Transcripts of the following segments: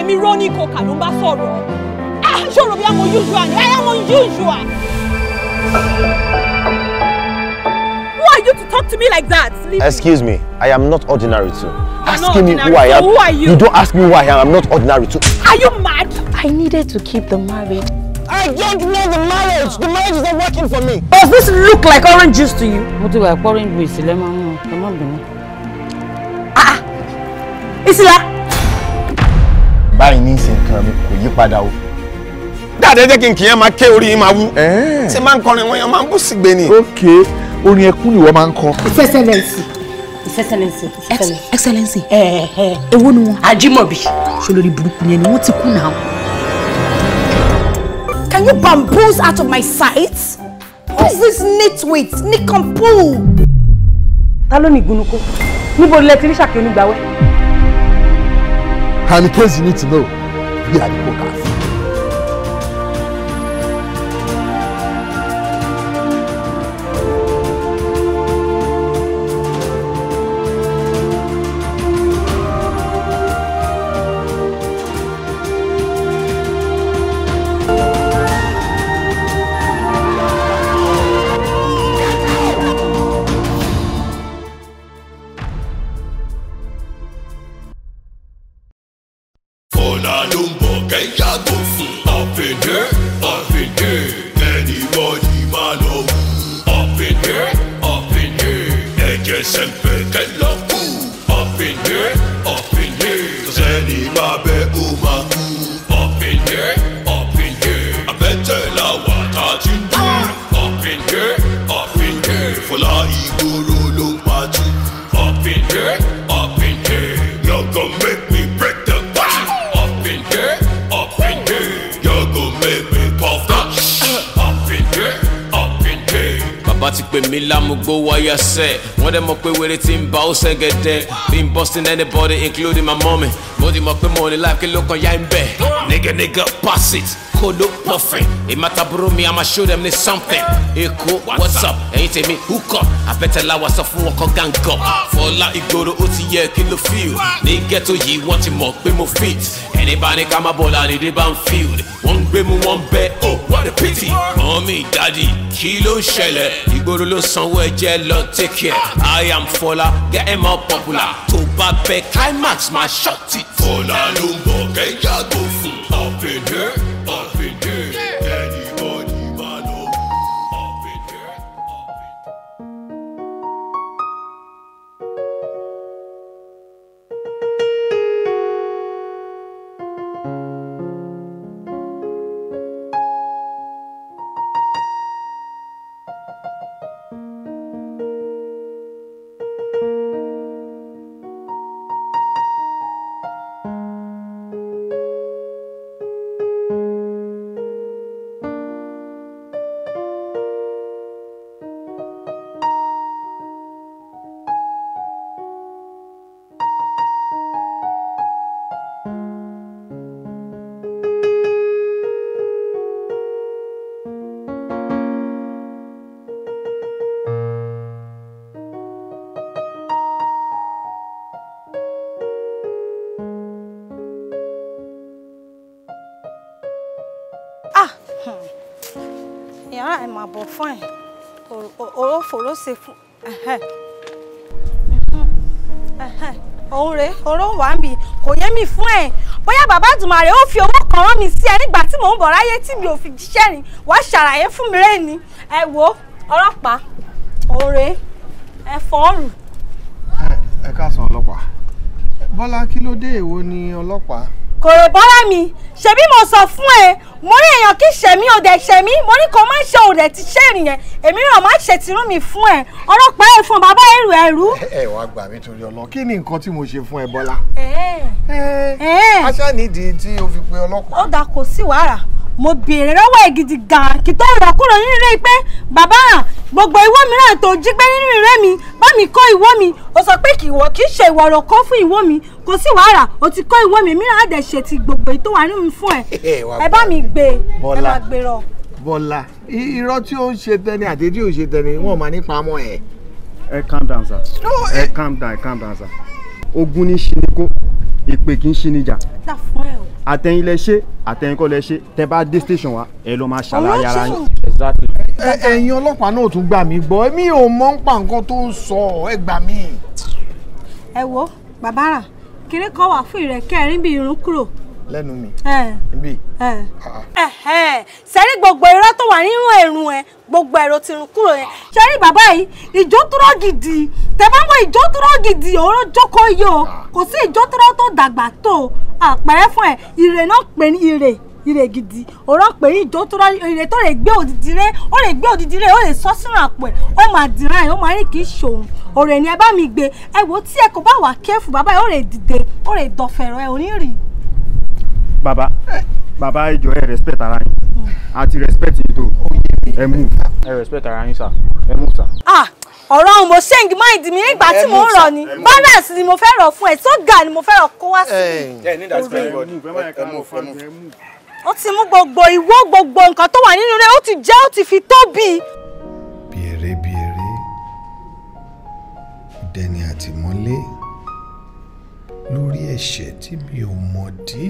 èmi rọ́ọ̀nì kọkà ló bá sọ̀rọ̀ ah, ṣòro bí àmọ́ usual ni I am unusual. Who are you to talk to me like that? Leave Excuse me, I am not ordinary too. Asking me who I am. So who you? You don't ask me who I am. I'm not ordinary too. Are you mad? I needed to keep the marriage. I don't want the marriage. The marriage is not working for me. Does this look like orange juice to you? Mo ti wà pouring juice lẹ́mọ̀ mọ́. Ẹ má bínú. Ah! ah. Isila! báyìí ní ìsìn kan mi kò yí padà o. dáadé jẹ́ kí n kìyàn máa ké orí yín máa wú. ṣé máa ń kọrin wọn yẹn máa ń bú sígbe ni. ok orin ẹkún ni wọ́n máa ń kọ. His Excellency His Excellency His Excellency. ẹ ẹ ewo ni wọn. Ajimobi. ṣolórí burúkú yẹn ni wọ́n ti kú náà. Can you bamboos out of my sight? Who is this nitwit nikampu? ta ló ní ìgbónukó níbo lẹ ti rí ṣàkíyàn onígbàwẹ́ and in case you need to know we are the workers. ṣe wọ́n dẹ̀ mọ̀ pé wèrè tí ń bá ó ṣẹ́gẹ̀dẹ̀ been busting anybody including my mommy mo ti mọ̀ pé mo ní life kí ló kan yá ń bẹ̀ nigga nigga pass it kodo puffin ìmàtàbúrò mi i ma show them ní something èkó what's up ẹ̀yin tèmi hook up àbẹ̀tẹ̀lá wa sọ fún ọkọ̀ gàǹgọ̀ fọlá ìgboro ó ti yẹ kí ló feel ní ghetto yìí wọ́n ti mọ̀ pé mo fit Anybody got my ball out of the bound field. One gbé mu wọ́n bẹ́ oh what a pity. Mọ́mí daddy, kilo ló ń ṣẹlẹ̀? Ìgboro ló sanwó ẹ̀jẹ̀ lọ take care. I am Fọlá get him up popular. Tó bá bẹ Climax máa ṣọ́ọ̀tì. Fọlá ló ń bọ̀ kẹ́yà tó Up in here. bọ̀ fún ẹ̀ òrófòró ṣe fún òun rèé oró wà ń bì kò yé mi fún ẹ bóyá bàbá àdùmọ̀ rẹ̀ ó fi owó kan rán mi sí ẹ nígbà tí mò ń bọ̀ ráyé tí mi ò fi jíṣẹ́ rìn wá ṣàlàyé fún mi rẹ̀ ni ẹ wo ọlọ́pàá òun rèé ẹ fọ́ọ̀rù. ẹ káàsán ọlọ́pàá bọ́lá kí ló dé èwo ni ọlọ́pàá. kò rè bọ́lá mi ṣebí mo sọ fún ẹ mo rí èèyàn kí ṣẹ̀mí ò dẹ̀ ṣẹ̀mí mo ní kò má ṣe ò dẹ̀ ti ṣe ènìyàn èmi náà má ṣe tìrú mi fún ẹ ọlọ́pàá ẹ̀ fún bàbá ẹ̀rù ẹ̀rú. ẹ wàá gbà mí torí ọlọ kí ni nǹkan tí mo ṣe fún ẹ Bọ́lá. aṣá nídìí tí o fi pe ọlọ́pàá. ó dà kò sí wàhálà mo béèrè lọ́wọ́ ẹ̀ gidi gan-an kí tó rọ̀ kúrò nínú ilé pé bàbá gbogbo ìwọ mìíràn tó jí gbé nínú ìrẹ́ mi mi kọ́ ìwọ mi o sọ pé kì í ṣe ìwọ̀rọ̀ kan fún ìwọ mi kò sí wàhálà o ti kọ́ ìwọ mi mìíràn àdẹ̀ ṣe ti gbogbo ètò wà nínú fún ẹ ẹ bá mi gbé e. ẹ máa gbé e rọ. bọ́lá irọ́ tí ó ń ṣe tẹni àti tí ò ṣe tẹni wọ́n máa ní pamọ́ ẹ̀. ẹ calm down sir ẹ calm down ẹ calm down sir ogun ní ṣíníkó ìpè kì í ṣí níjà àtẹ̀yìn lẹ ṣe àtẹ̀yìn kọ́ lẹ ṣe tẹ bá dé station wa ẹ lọ máa ṣàlàyé ara yín. ẹ̀yin ọlọ́pàá náà tún gbà mí gbọ́ èmi ò mọ̀ ń pa nǹkan tó ń sọ ẹ gbà mí. ẹ wo bàbá rà kiri wà fún ìrẹ̀kẹ́ rìn irun kúrò lẹ́nu mi. níbí. sẹ́rí ah, ah. gbogbo irọ́ tó wà nínú ẹ̀rùn ẹ̀ gbogbo ẹ̀rọ ti rún kúrò yẹn sẹ́rí bàbá yìí ìjó dúró gidi tẹ̀báwọ̀ ìjó dúró gidi òórò jókòó yìí o ah. kò sí ìjó dúró tó dàgbà tó àpẹẹrẹ fún ẹ ìrè náà pè ní ìrè ire gidi ọ̀rọ̀ pé ìjọ tó ire tó lè gbé òdìdí rẹ ó lè gbé òdìdí rẹ ó lè sọ sínú àpò ẹ ó máa dìrà ẹ ó máa rìn kì í ṣòun ọ̀rẹ́ ni ẹ bá mi gbé ẹ wò tí ẹ kò bá wà kẹ́fù bàbá ẹ ó lè dìde ó lè dọ̀fẹ̀rọ̀ ẹ ò ní rí i baba baba ẹ jọ̀ọ́ ẹ respect ara yín àti respect yín tó ẹ move ẹ respect ara yín sir ẹ move sir. ah ọ̀rọ̀ ọ̀hún mo ṣéǹgì mind mi nígbà tí mo ń rọ̀ ni balance ni mo fẹ́ rọ̀ fún ẹ tó ga ni mo fẹ́ rọ̀ kó wá sí i. ó ti mú gbogbo ìwọ gbogbo nǹkan tó wà nínú rẹ ó ti jẹ́ ó ti fi tóbi. bèrè bèrè dẹni àtìmọ́lé lórí ẹ̀ṣẹ̀ tí mi ò mọ̀ dí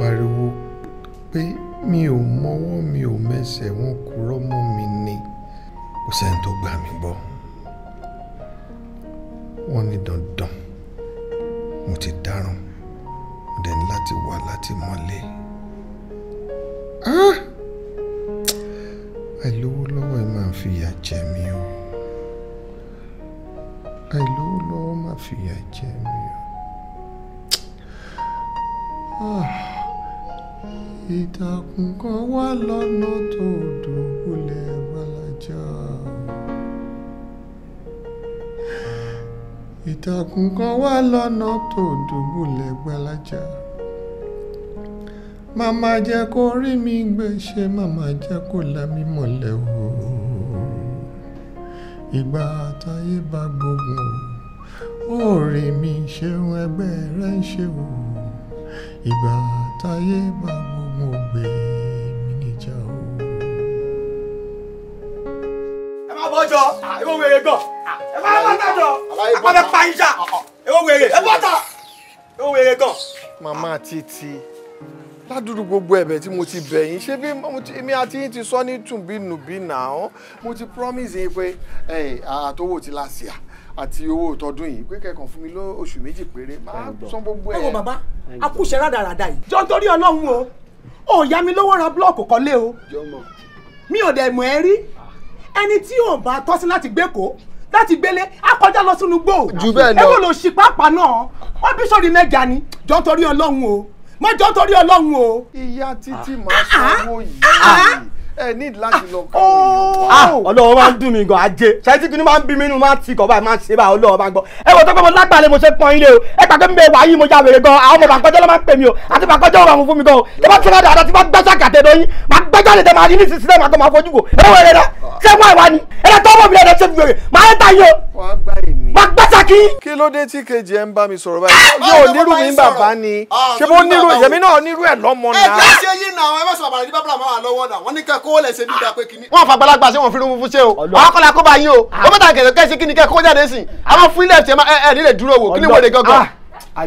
pariwo pé mi ò mọwọ́ mi ò mẹsẹ̀ wọn kò rọ́mọ́ mi ni kò sẹ́ni tó gbà mí gbọ́ wọ́n ní dandan mo ti dáràn mo dẹ̀ ní láti wà láti mọ́lé ah! àìlówó lọ́wọ́ ẹ máa fìyà jẹ mí o àìlówó lọ́wọ́ máa fìyà jẹ mí o. Ah ìtàkùn kan wà lọ́nà tó dùbúlẹ̀ gbalaja. ìtàkùn kan wà lọ́nà tó dùbúlẹ̀ gbalaja. màmá jẹ́ kó rí mi gbé ṣe màmá jẹ́ kó là mí mọ̀lẹ́ o. ìgbà àtayé bá gbógun o. mi ṣeun ẹgbẹ́ rẹ̀ ń ṣe o. ìgbà àtayé táyé bá gbogbo ògbé mi níjà o. ẹ má bọ́ jọ ìwọ ah, wèrè gan ah, ẹ má bọ́ tà jọ pa ìjà ìwọ wèrè ẹ bọ́ tà ìwọ wèrè gan. màmá títí ládùúgbò gbogbo ẹ̀bẹ̀ tí mo ti bẹ̀ ṣé bí èmi àti yín ti sọ ní tùnbínùbí náà mo ti promise yín pé àtọwò ti láṣìá àti owó tọdún yìí pé kẹ́kàn fún mi ló oṣù méjì péré máa san gbogbo ẹ. ẹ wo bàbá akúṣe rádaràda yìí. jọ nítorí ọlọ́run o ò yá mi lówó ra búlọ́ọ̀kù kọ́lé o mi ò dẹ̀ mọ̀ ẹ́ rí ẹni tí ò bá tọ́ sí láti gbé kó láti gbélé á kọjá lọ sínú gbòò. jù bẹ́ẹ̀ lọ ẹ wò ló ṣì pàápàá náà wọ́n bí sórí mẹ́ga ni jọ nítorí ọlọ́run o mọ́jọ́ nítorí ọlọ́run o. ìyá títí ah, màá sanwó ah, yìí. Ah, ẹ ní láti lọ kọ́ ọ. ọlọ́wọ́ máa ń dùn mí gan ajé ṣáàtì kìíní máa ń bí mi inú máa ń ti kọ̀ọ̀bá máa ń ṣe báyìí ọlọ́wọ́ máa ń gbọ́. ẹ wò tó pé mo lágbàlẹ̀ mo ṣe pọ́n ilé o ẹ gbàgbé mi bẹ́ẹ̀ wáyé mo ya wèrè gan àwọn ọmọ bàkọ́jọ́ ló máa ń pè mí o àti bàkọ́jọ́ ọ̀rọ̀ àwọn fún mi gan o. tí wọ́n ti rán dáadáa tí wọ́n gbẹ́sà kàtẹ́ lóyún máa gbẹ́jọ́ lè tẹ́ máa rí ní sísí náà máa kọ́ máa fojú wò. ẹ wọ́n rẹ̀ rẹ̀ ṣé wọ́n ìwà ni ẹ lọ tọ́ ọmọ mi lẹ́nu ṣe fi wèrè máa ń ta yín o. máa gbẹ́sà kí. kí ló dé tí kejì ẹ ń bá mi sọ̀rọ̀ báyìí yóò ah, nírú mi bàbá ni ah, ṣé mo nírú yẹmi náà nírú ẹ̀ lọ́mọ náà. ẹ jẹ́ ṣe yín náà ẹ má sọ àbàlẹ̀ ní bàbá àmọ́ àlọ́wọ́ náà wọ́n ní kẹ́kọ kó lẹ̀ ṣe bí ìgbà wọn fa àgbàlagbà sí wọn fi rúmú fún ṣe o àwọn kọlá kó bá yín o ó ah. bẹ́tà kẹ̀kẹ́ sí kíni kẹ́ kó jáde sí àwọn fúlẹ̀ tiẹ̀ ẹ̀ nílẹ̀ dúró wò kíni wọ́n lè gangan. Ah,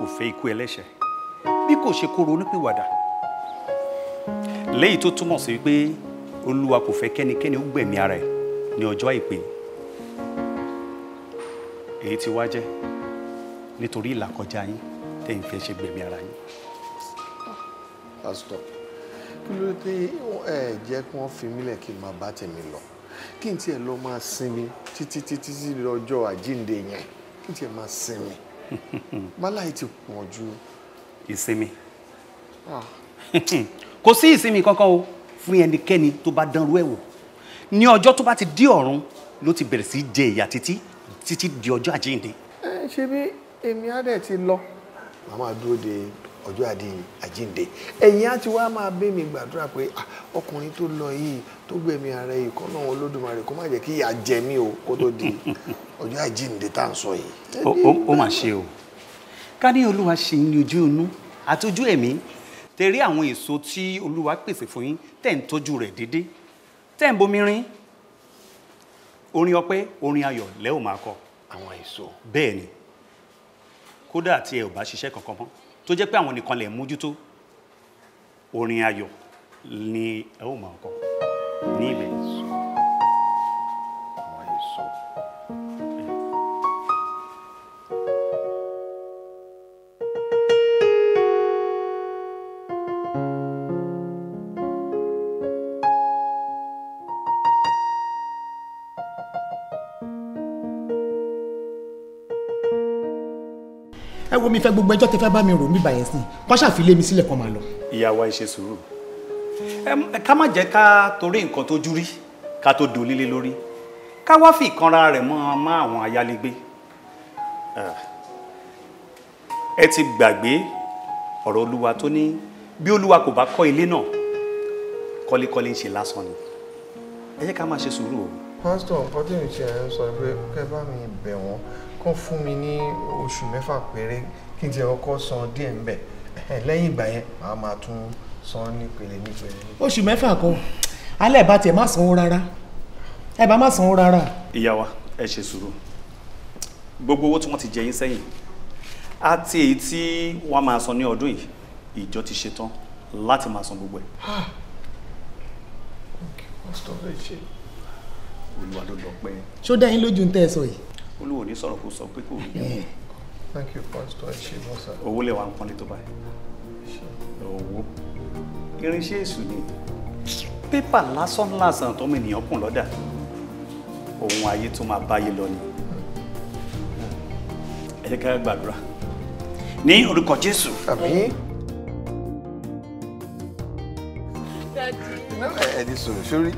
kò fẹ́ ikú ẹlẹ́ṣẹ̀ bí kò ṣe kó ronúpìwàdà léyìí tó túmọ̀ sí pé olúwa kò fẹ́ kẹ́nikẹ́ni ó gbẹ̀mí ara ẹ̀ ní ọjọ́ àìpé èyí ti wá jẹ́ nítorí ìlàkọjá yín tẹ̀yìn fẹ́ ṣe gbẹ̀mí ara yín. pásítọ̀ kí ló dé ẹ jẹ́ kí wọ́n fi mílẹ̀ kí n máa bá tèmi lọ kí n tiẹ̀ lọ máa sinmi títí títí sí àjíǹde yẹn kí n tiẹ̀ máa sinmi máláì ti pọ̀ ju. ìsinmi ah. kò sí ìsinmi kankan o fún ẹnikẹ́ni tó bá dánrú ẹ̀ wò ní ọjọ́ tó bá ti di ọ̀run ló ti bẹ̀rẹ̀ sí í jẹ ìyà títí títí di ọjọ́ àjíǹde. ẹ ṣe bí èmi á dẹ̀ ti lọ. màmá dúró de ọjọ́ àjíǹde ẹ̀yin á ti wá máa bẹ́ mi gbàdúrà pé ah, ọkùnrin tó lọ yìí tó gbẹ̀mí ara yìí kọ́ náà olódùmarè kó má jẹ́ kí ìyà jẹ mí o kó tó di ọjọ́ àjíǹde tá à ń sọ yìí. ó mà ṣe o ká ní olúwa ṣe ní ojú inú àti ojú ẹ̀mí tẹ rí àwọn èso tí olúwa pèsè fún yín tẹ̀ ń tọ́jú rẹ̀ déédéé tẹ̀ ń bomi orin ọpẹ́ orin ayọ̀ lẹ́ ò máa kọ. àwọn èso. bẹ́ẹ̀ ni kódà tí ẹ ò bá ṣiṣẹ́ kankan mọ́ tó jẹ́ pé àwọn nìkan lè mójútó orin ayọ̀ ni ẹ ò máa kọ. É, é isso. ẹ wo mi fẹ́ gbogbo ẹjọ́ tẹ fẹ́ bá mi rò mí bàyẹn sí kọ́ṣà fi lé mi sílẹ̀ kó máa lọ. ìyá wa ẹ ṣe sùúrù ká má jẹ́ ká torí nǹkan tó jú rí ká tó dò líle lórí ká wá fi ìkanra rẹ̀ mọ́ ọmọ àwọn ayálégbé ẹ ti gbàgbé ọ̀rọ̀ olúwa tó ní bí olúwa kò bá kọ́ ilé náà kọ́lékọ́lé ń ṣe lásán ni ẹ jẹ́ ká máa ṣe sùúrù o. pásítọ̀ nǹkan tí mi ṣe ẹ̀ ń sọ pé kẹ́ bá mi bẹ̀ wọ́n kán fún mi ní oṣù mẹ́fà péré kí n ti ọkọ̀ san díẹ̀ ń bẹ̀ lẹ́yìn ìgbà yẹn màá máa tún san nípele nípele. oṣù mẹ́fà kọ alẹ́ bá tiẹ̀ má sanwó rárá ẹ bá má sanwó rárá. ìyá wa ẹ ṣe sùúrù gbogbo owó tí wọ́n ti jẹ yín sẹ́yìn àti èyí tí wọ́n máa san ní ọdún yìí ìjọ ti ṣetán láti máa san gbogbo ẹ̀. olúwa ló lọ pẹ́. ṣó dá yín lójú ń tẹ́ ẹ sọ yìí. olúwo ní sọ̀rọ̀ kó sọ pé kò rí. thank you pastor ẹ ṣe bọ́ sá. owó lè wà ń pọ́nlé tó báyìí. owó irinṣẹ́ èṣù ni pépà lásán lásán tọmọ ènìyàn kùn lọ́dà ohun ayé tó máa báyé lọ ni ẹ jẹ́ ká gbàdúrà ní orúkọ Jésù. àmín. ẹni sọ̀rọ̀ sórí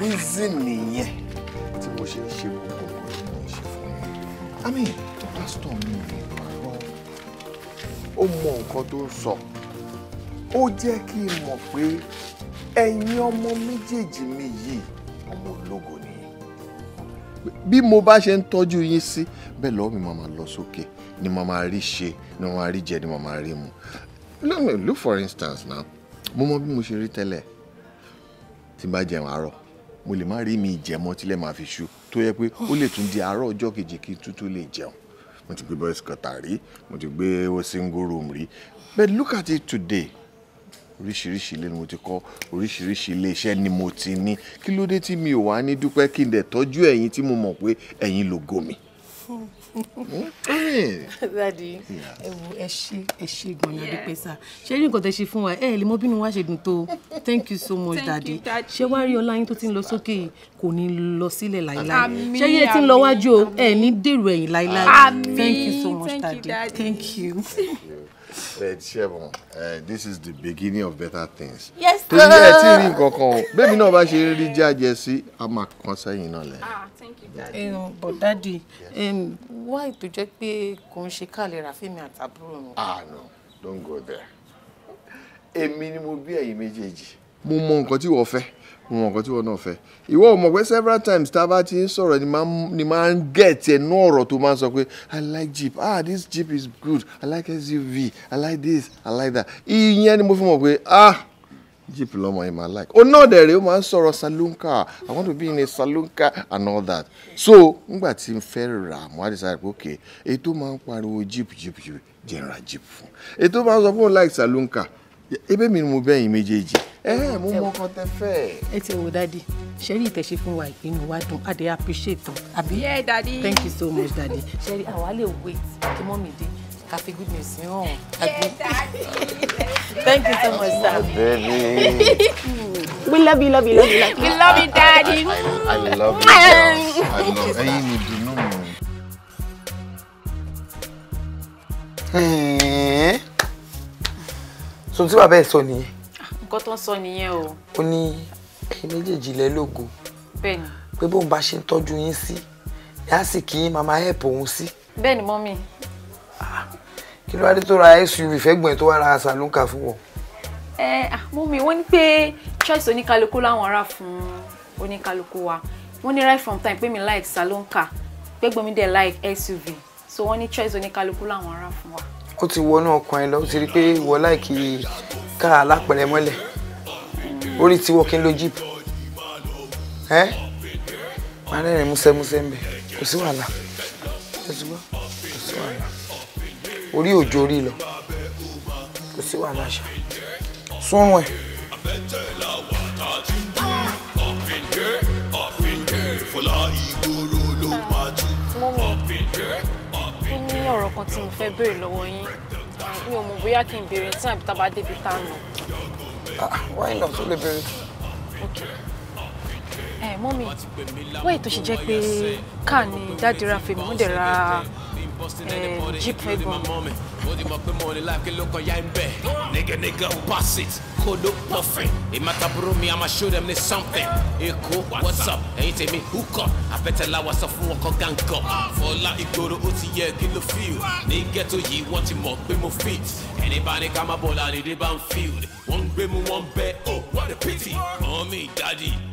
reason nìyẹn tí mo ṣe ń ṣe gbogbo nǹkan tí mo fún mi. I pásítọ̀ mi ò ní parọ́ ó mọ nǹkan tó ń sọ ó jẹ́ kí n mọ̀ pé ẹ̀yin ọmọ méjèèjì mi yìí ọmọ ológo ni. bí mo bá ṣe ń tọ́jú yín sí bẹ́ẹ̀ lọ́wọ́ mi máa máa lọ sókè ni mo máa rí ṣe ni mo máa rí jẹ ni mo máa rí mu lọ́nà look for instance now mo mọ bí mo ṣe rí tẹ́lẹ̀ tí n bá jẹun àárọ̀ mo lè má rí mi ìjẹmọ́ tílẹ̀ máa fi ṣú tó yẹ pé ó lè tún di àárọ̀ ọjọ́ kejì kí n tún lè jẹun mo ti gbé boys kọta rí mo ti gbé singoro rí but look at it today oríṣiríṣi ilé ni mo ti kọ́ oríṣiríṣi ilé iṣẹ́ ni mo ti ní kí ló dé tí mi ò wá ní dúpẹ́ kí n dẹ̀ tọ́jú ẹ̀yin tí mo mọ̀ pé ẹ̀yin lògo mi. dadi ẹ wo ẹ ṣe ẹ ṣe gan ni sá ṣé rí nǹkan tẹ ṣe fún wa ẹ lè mọ bínú wa ṣe dùn tó thank you so much dadi ṣé wàá rí ọlá tó ti ń lọ sókè kò ní lọ sílẹ̀ láíláí ṣé yẹ ti ń lọ wájú ẹ ní dèrò ẹ̀yìn láíláí thank you so much dadi thank you. ẹ eh, ṣẹ́wọ̀n eh, this is the beginning of better things. yes sir. torí ẹ tí rí nǹkan kan o bẹ́ẹ̀ni náà bá ṣe rí jáde sí a máa kàn náà lẹ̀. ah thank you daddy. Eh, but daddy wá ètò jẹ́ pé kò ń ṣe káàlẹ̀ rà fẹ́mi àtàbúrò mi. ah no don't go there èmi ni mo bí ẹ̀yin méjèèjì mo mọ nǹkan tí wọ́n fẹ́. wọn nǹkan tí wọn náà fẹ́ ìwọ ò pé several times tá a bá ti ń sọ̀rọ̀ ni máa ń gẹ̀ẹ́tì ẹnu ọ̀rọ̀ tó máa ń sọ pé i like jeep ah this jeep is good i like suv i like this i like that ìyẹn ni mo fi mọ̀ pé ah jeep lọ́mọ yìí máa like òun náà dẹ̀rẹ̀ ó máa ń sọ̀rọ̀ saloon car i want to be in a saloon car and all that so ngbà tí n fẹ́ rà mo á decide pé ok èyí máa ń pariwo jeep jeep jeep jẹ́ n ra jeep fún èyí máa ń sọ pé like saloon car ebe mi ni mo bẹ̀ méjèèjì ẹ mo mọ ọkàn tẹ fẹ́. ẹ ti wo dadi sẹ́rí ìtẹ̀sí fún wa ìpinnu wa dùn a appreciate am àbí. yẹ dadi thank you so much dadi. sẹ́rí àwa lè wait kí mọ́mì dé ká fi good news ní ọ̀hún. yẹ dadi thank you so much sir. baby. we love you love you love you love you. we love you daddy. i, love you too. i love ẹyin ni dunu mu so tí bàbá ẹ̀ sọ nìyẹn. nǹkan tó ń sọ nìyẹn o. ó ní ẹ̀yin méjèèjì lẹ lógo. bẹ́ẹ̀ni. pé bóun bá ṣe ń tọ́jú yín sí ní àsìkò yín màmá help òun sí. bẹ́ẹ̀ni mọ́mì. Ah, kí ló wá dé tó ra suv fẹ́gbọ̀n tó wa ra sàlùkà fún Eh, ẹ ah, mọ́mì wọ́n ní pé choice oníkálukú láwọn ará fún oníkálukú wa wọ́n ní right from time pe mi like salon sàlùkà pẹ́gbọ́n mi de like suv so wọ́n ní choice oníkálukú láwọn ará fún wa ó ti wọnú ọkàn ẹ lọ ó ti rí pé ìwọ láìkí ká alápẹ̀rẹ̀ mọ́lẹ̀ orí ti wọ́kí ló jíìpù ẹ́ máa rẹ́rìn músẹ́músẹ́ ń bẹ̀ kò sí wàhálà kò sí wàhálà orí òjò orí lọ kò sí wàhálà ṣá súnrùn ẹ̀. Full ní ọ̀rọ̀ kan tí mo fẹ́ béèrè lọ́wọ́ yín mi ò mọ̀ bóyá kí n béèrè tí àbí bá débi tá a nà. Ah, ah, why not ó lè béèrè. ẹ mọ́mí wáyé tó ṣe jẹ́ pé káà ni dáàdì ra fèmí mo dẹ̀ ra jíìpù ẹ̀gbọ́n mo ti mọ̀ pé mo lè láàkí ló kọjá in bed. nigga nigga who pass it kó me, I'ma show them this something. èkó what's up ẹ̀yin tèmi hook up àbẹ̀tẹ̀lá wa sọ fún ọkọ̀ gángan. fọlá ìgboro ó gang yẹ kí ló feel. ní ghetto yìí wọ́n ti mọ̀ pé mo fit. ẹni bá ní ká má bọ̀ láàrin dé bá ń field. wọ́n ń gbé mu wọ́n ń bẹ́ ó what a pity. Mommy,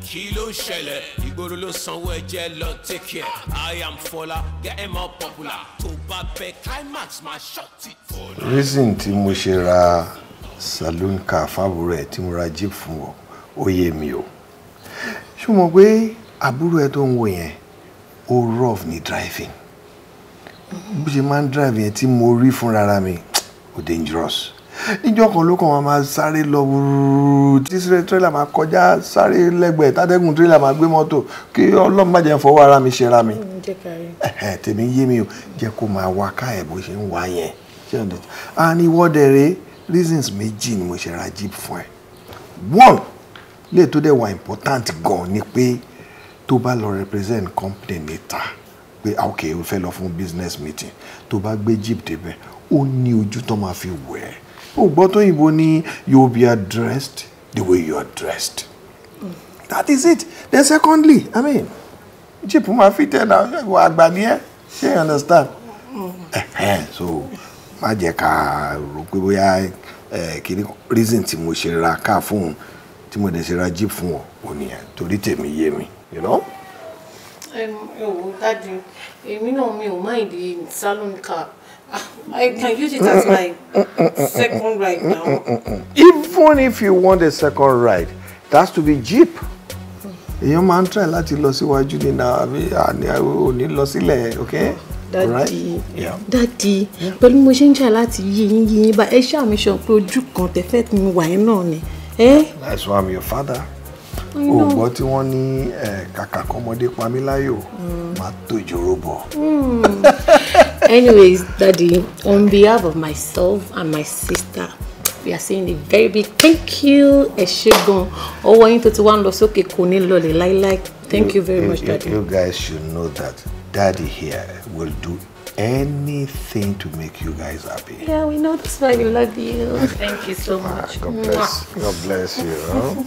kí ló ń ṣẹlẹ̀? Ìgboro ló sanwó ẹ̀jẹ̀ lọ take care. I am Fola, get him up popular. Tó bá bẹ climax, máa short it. Reason tí mo ṣe ra saloon car fábùrù ẹ̀ tí mo ra jeep fún ọ, ó yé mi o. Ṣé o mọ̀ pé àbúrò ẹ tó ń wo yẹn, ó rough ní driving? Bó ṣe máa ń drive yẹn tí mo rí fúnra mi, ó dangerous níjọ́ kan ló kàn wọ́n máa sáré lọ wúrúrú tí tírélà máa kọjá sáré lẹ́gbẹ̀ẹ́ tátẹ́gùn tírélà máa gbé mọ́tò kí ọlọ́run má jẹ́ ń fọwọ́ ara mi ṣe ra mi. tèmi yé mi o jẹ́ kó máa wá ká ẹ̀ bó ṣe ń wá yẹn. a ní wọ́dẹ̀rẹ́ reasons méjì ni mo ṣe ra jeep fún ẹ. one lè tó dẹ̀ wà important gan ni pé tó bá lọ represent company níta pé ok o fẹ́ lọ fún business meeting tó bá gbé jeep débẹ̀ ó ní ojú tó máa fi wẹ̀ ẹ́ ó gbọ́ tó yìnbó ní you will be addressed the way you are dressed that is it then secondly i mean jeep máa fi tẹ̀ náà ìwà àgbà ni ẹ ṣé you understand so má jẹ́ ká rò pé bóyá kìíní reason tí mo ṣe ra car fún tí mo dẹ̀ ṣe ra jeep fún ọ ò nìyẹn torí tèmi yé mi you know. ẹ ẹ wo dájú èmi náà mi ò máa ìdí salon car I can use it as my second ride now. Even if you want a second ride, it has to be jeep. Èèyàn máa ń try láti lọ síwájú ní náà àbí òní lọ sílẹ̀ okay? dadi dadi pẹ̀lú mo ṣe ń jà láti yí yín yí yín bá ẹ ṣáà mi sọ pé ojú kan tẹ́fẹ́ mi wà yín náà ni. That's why I'm your father ògbọ́n tí wọ́n ní kàkà kọ́mọdé pamíláyò máa mm. tó ìjòrò bọ̀. Hmm. anyways daddy on behalf of myself and my sister we are saying a very big thank you ẹ ṣé gan ọwọ́ yín tó ti wá ń lọ sókè kò ní lọlẹ̀ láíláí thank you, very much daddy. you guys should know that daddy here will do anything to make you guys happy. Yeah, we know that's why we love you. Thank you so ah, much. God bless. God bless you. Huh?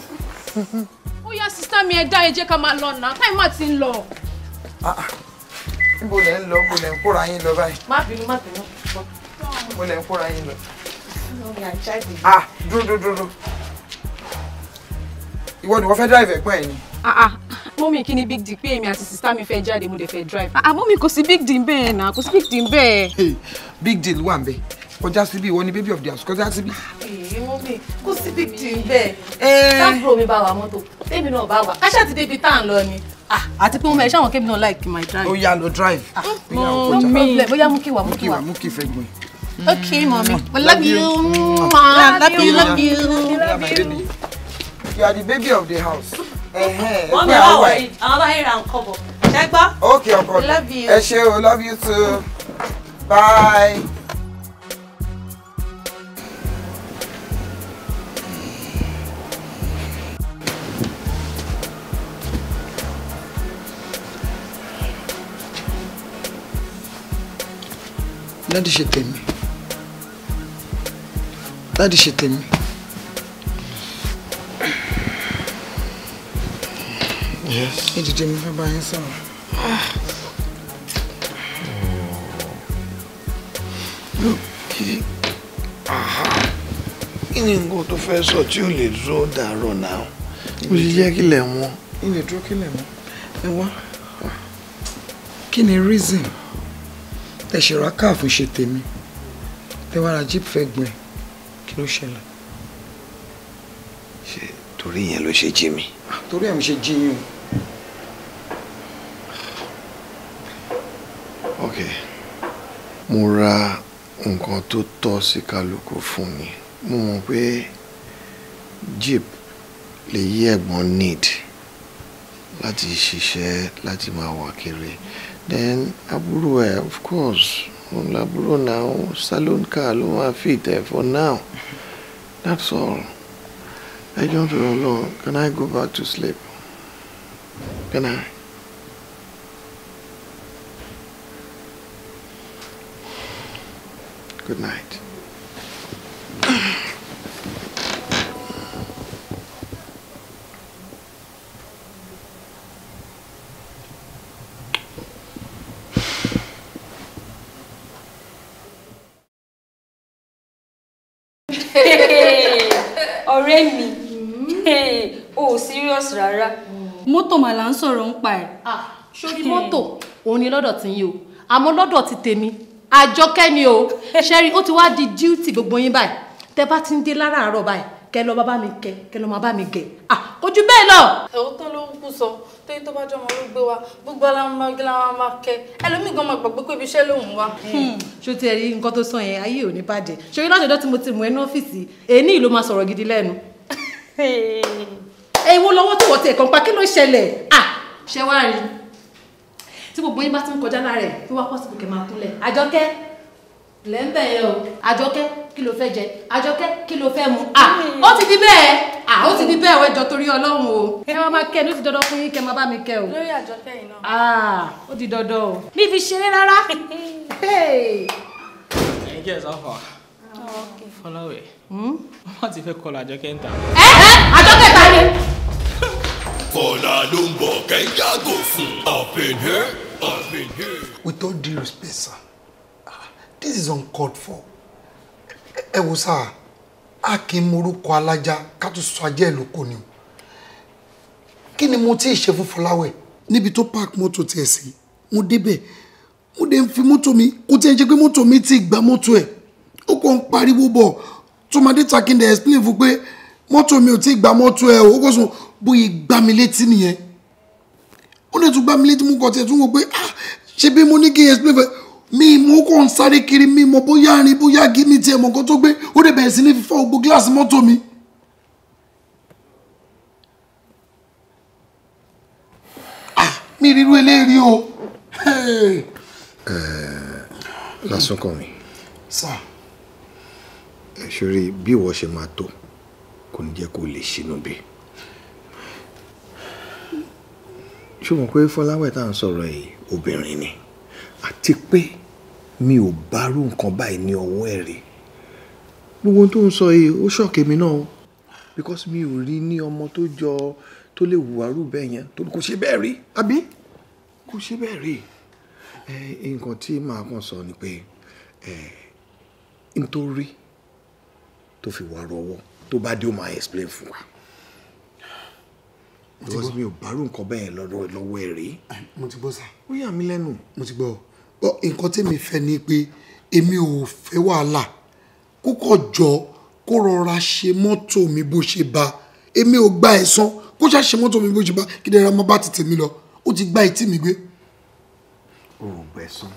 ó yá sísá mi ẹ dá ẹ jẹ́ ká máa lọ nà táì má ti ń lọ. Ah, ah. níbo lẹ ń lọ mo lẹ ń kóra yín lọ báyìí. má bínú má bínú mo lẹ ń kóra yín lọ. ah dúró dúró dúró ìwọ ni wọ́n fẹ́ drive ẹ̀gbọ́n ẹ̀ ni. Ah, mọ́mí kí ni big d pé èmi àti sista mi fẹ́ jáde mo dẹ̀ fẹ́ drive. mọ́mí kò sí big d bẹ́ẹ̀ náà kò sí big d bẹ́ẹ̀. big deal wà ń bẹ kọjá síbí ìwọ ni baby of the house kọjá síbí. Eh, mi kò sí big deal bẹ́ẹ̀. Eh. táàbùrò mi bá wa mọ́tò tèmi náà bá wa káṣá ti débi tá à ń lọ ni. Ah, àti pé mo mọ ẹ ṣáwọn kébì náà like my drive. Oh, ah, oh, ó yá lọ drive. mo mi bóyá mú kí wà mú kí wà. mú kí fẹ́ gbìn. okay mommy mm. we love mm, mm. you. love you love you. you are the baby of the house. wọ́n mi wá wọ̀nyí àwọn bá yẹn ra nǹkan bọ̀ ṣẹ́gbọ́. okay ọkọ ẹ ṣé o love you too bye. dáàdì ṣe tèmi dáàdì ṣe tèmi. yes. ìdìde mi fẹ́ bá yín sọ̀rọ̀. lókè kí ni nǹkan tó fẹ́ sọ tí ò lè dúró dàárọ̀ náà ó sì jẹ́ kílẹ̀ wọn. ilé dúró kílẹ̀ wọn ẹ wá kí ni reason tẹ̀sẹ̀ ra káàfù ṣe tèmi tẹwàrà jíìpù fẹ́ gbọ́n ẹ̀ kí ló ṣẹlẹ̀. ṣe torí yẹn ló ṣe jí mi. Ah, torí ẹ̀ ń ṣe jí yín o. ok mo ra nǹkan tó tọ́ sí kálukú fún ni mo mọ̀ pé jeep lè yí ẹ̀gbọ́n need láti ṣiṣẹ́ láti máa wà kiri. Mm -hmm then àbúrò ẹ of course òun làbúrò náà salon car ló wà fit ẹ for now that's all I don't know. can i go back to sleep can i. Good night. mọ́tò mà là ń sọ̀rọ̀ ń pa ẹ̀. Ah, sórí mọ́tò òun ni lọ́dọ̀ tí yín o àmọ́ lọ́dọ̀ ti tèmi àjọkẹ́ ni o ṣẹ́rí ó ti wá di díútì gbogbo yín báyìí tẹ bá ti ń dé láràárọ̀ báyìí kẹ lọ bá bá mi kẹ kẹ lọ máa bá mi gẹ à ah, bẹ́ẹ̀ lọ. òótọ́ ló ń kú sọ tóyí tó bá jọmọ ló gbé wa gbogbo alámọgí làwọn máa kẹ ẹlòmíì gan máa gbàgbé pé ibi iṣẹ́ lòun wá. Hmm. ṣó nǹkan tó sọ yẹn ayé ò ní bàjẹ́ ṣòyí látọ̀dọ̀ tí mo ti mú ẹ ní ọ́fíìsì èyí ní ìlú máa sọ̀rọ̀ gidi lẹ́nu. ẹ wo lọ́wọ́ tó wọ́n ti ẹ̀kan pa kí ló ṣẹlẹ̀ ah ṣe wá rí tí gbogbo yín bá ti ń kọjá lára ẹ̀ tó wá pọ́sibú kẹ́ máa kúnlẹ̀ àjọkẹ́ lẹ́ńbẹ̀ yẹn o àjọkẹ́ kí ló fẹ́ jẹ àjọkẹ́ kí ló fẹ́ mu à ó ti di bẹ́ẹ̀ à ó ti di bẹ́ẹ̀ wẹ́ jọ torí ọlọ́run o ẹ wá máa kẹ́ ẹ ní ó ti dandan fún yín kẹ́ máa bá mi kẹ́ o lórí àjọkẹ́ yìí náà ó di dandan o mi fi ṣeré rárá. ẹ̀yin kí ẹ sá fà fọláwẹ̀. Màmá hmm? ti fẹ́ kọlu àjọkẹ́ ń ta. Ẹ ẹ́ àjọkẹ́ ta ni. Kọ̀lá ló ń bọ̀ kẹ́ńjà gò fún. I've been here, I've been here. With all due respect, sir, ah, this is uncalled for. Ẹ wo sáà, a kì í morúkọ alájà ká tún sọ ajé ẹ̀ lóko ni o. Kí ni mo tí ì ṣe fún Fọláwẹ̀? Níbi tó páàkì mọ́tò tiẹ̀ sí, mo débẹ̀ mo dé fi mọ́tò mi kò tiẹ̀ jẹ́ pé mọ́tò mi ti gba mọ́tò ẹ̀ ó kàn ń pariwo bọ̀ túmọdé takinde explain fún pé mọ́tò mi ò tí ì gba mọ́tò ẹ o kò sùn bóyá gbá mi létí nìyẹn ó lè tún gbá mi létí mú kọ tiẹ̀ tún wò pé ah ṣe bí mo ní kí n explain fún ẹ mi mo kò ń sáré kiri mi mo bóyá rin bóyá gí mi tiẹ̀ mọ̀ nǹkan tó gbé ó dẹ̀ bẹ̀rẹ̀ sí ní fífọ́ gbogbo gíláàsì mọ́tò mi. Ah, mi ríru eléyìí o. Eh, lásán kọ mi. sáà ṣorí bí ìwọ ṣe máa tó kò ní jẹ́ kó lè ṣínú bí. ṣùgbọ́n pé Fọláwẹ̀ tá à ń sọ̀rọ̀ yìí obìnrin ni àti pé mi ò bárú nǹkan báyìí ní ọwọ́ ẹ̀ rí gbogbo tó ń sọ yìí ó ṣọ̀kẹ́ mi náà because mi ò rí ní ọmọ tó jọ tó lè wù arú bẹ́ẹ̀ yẹn tó kò ṣe bẹ́ẹ̀ rí àbí kò ṣe bẹ́ẹ̀ rí nǹkan tí màá kàn sọ ni pé nítorí tó fi wà rọwọ́ tó bá dé ó máa explain fún wa because mi ò bárò nǹkan bẹ́ẹ̀ lọ́dọ̀ lọ́wọ́ ẹ̀ rí. mo ti gbọ́ sá. ó yà mí lẹ́nu. mo ti gbọ́ ọ nǹkan tèmi fẹ́ ni pé èmi ò fẹ́ wàhálà kó kọ̀ jọ kó rọra ṣe mọ́tò mi bó ṣe bá èmi ò gba ẹ̀san kó ṣáà ṣe mọ́tò mi bó ṣe bá kí ni ẹran bá ti tèmi lọ ó ti gba etí mi gbé. o ò gbẹ̀san.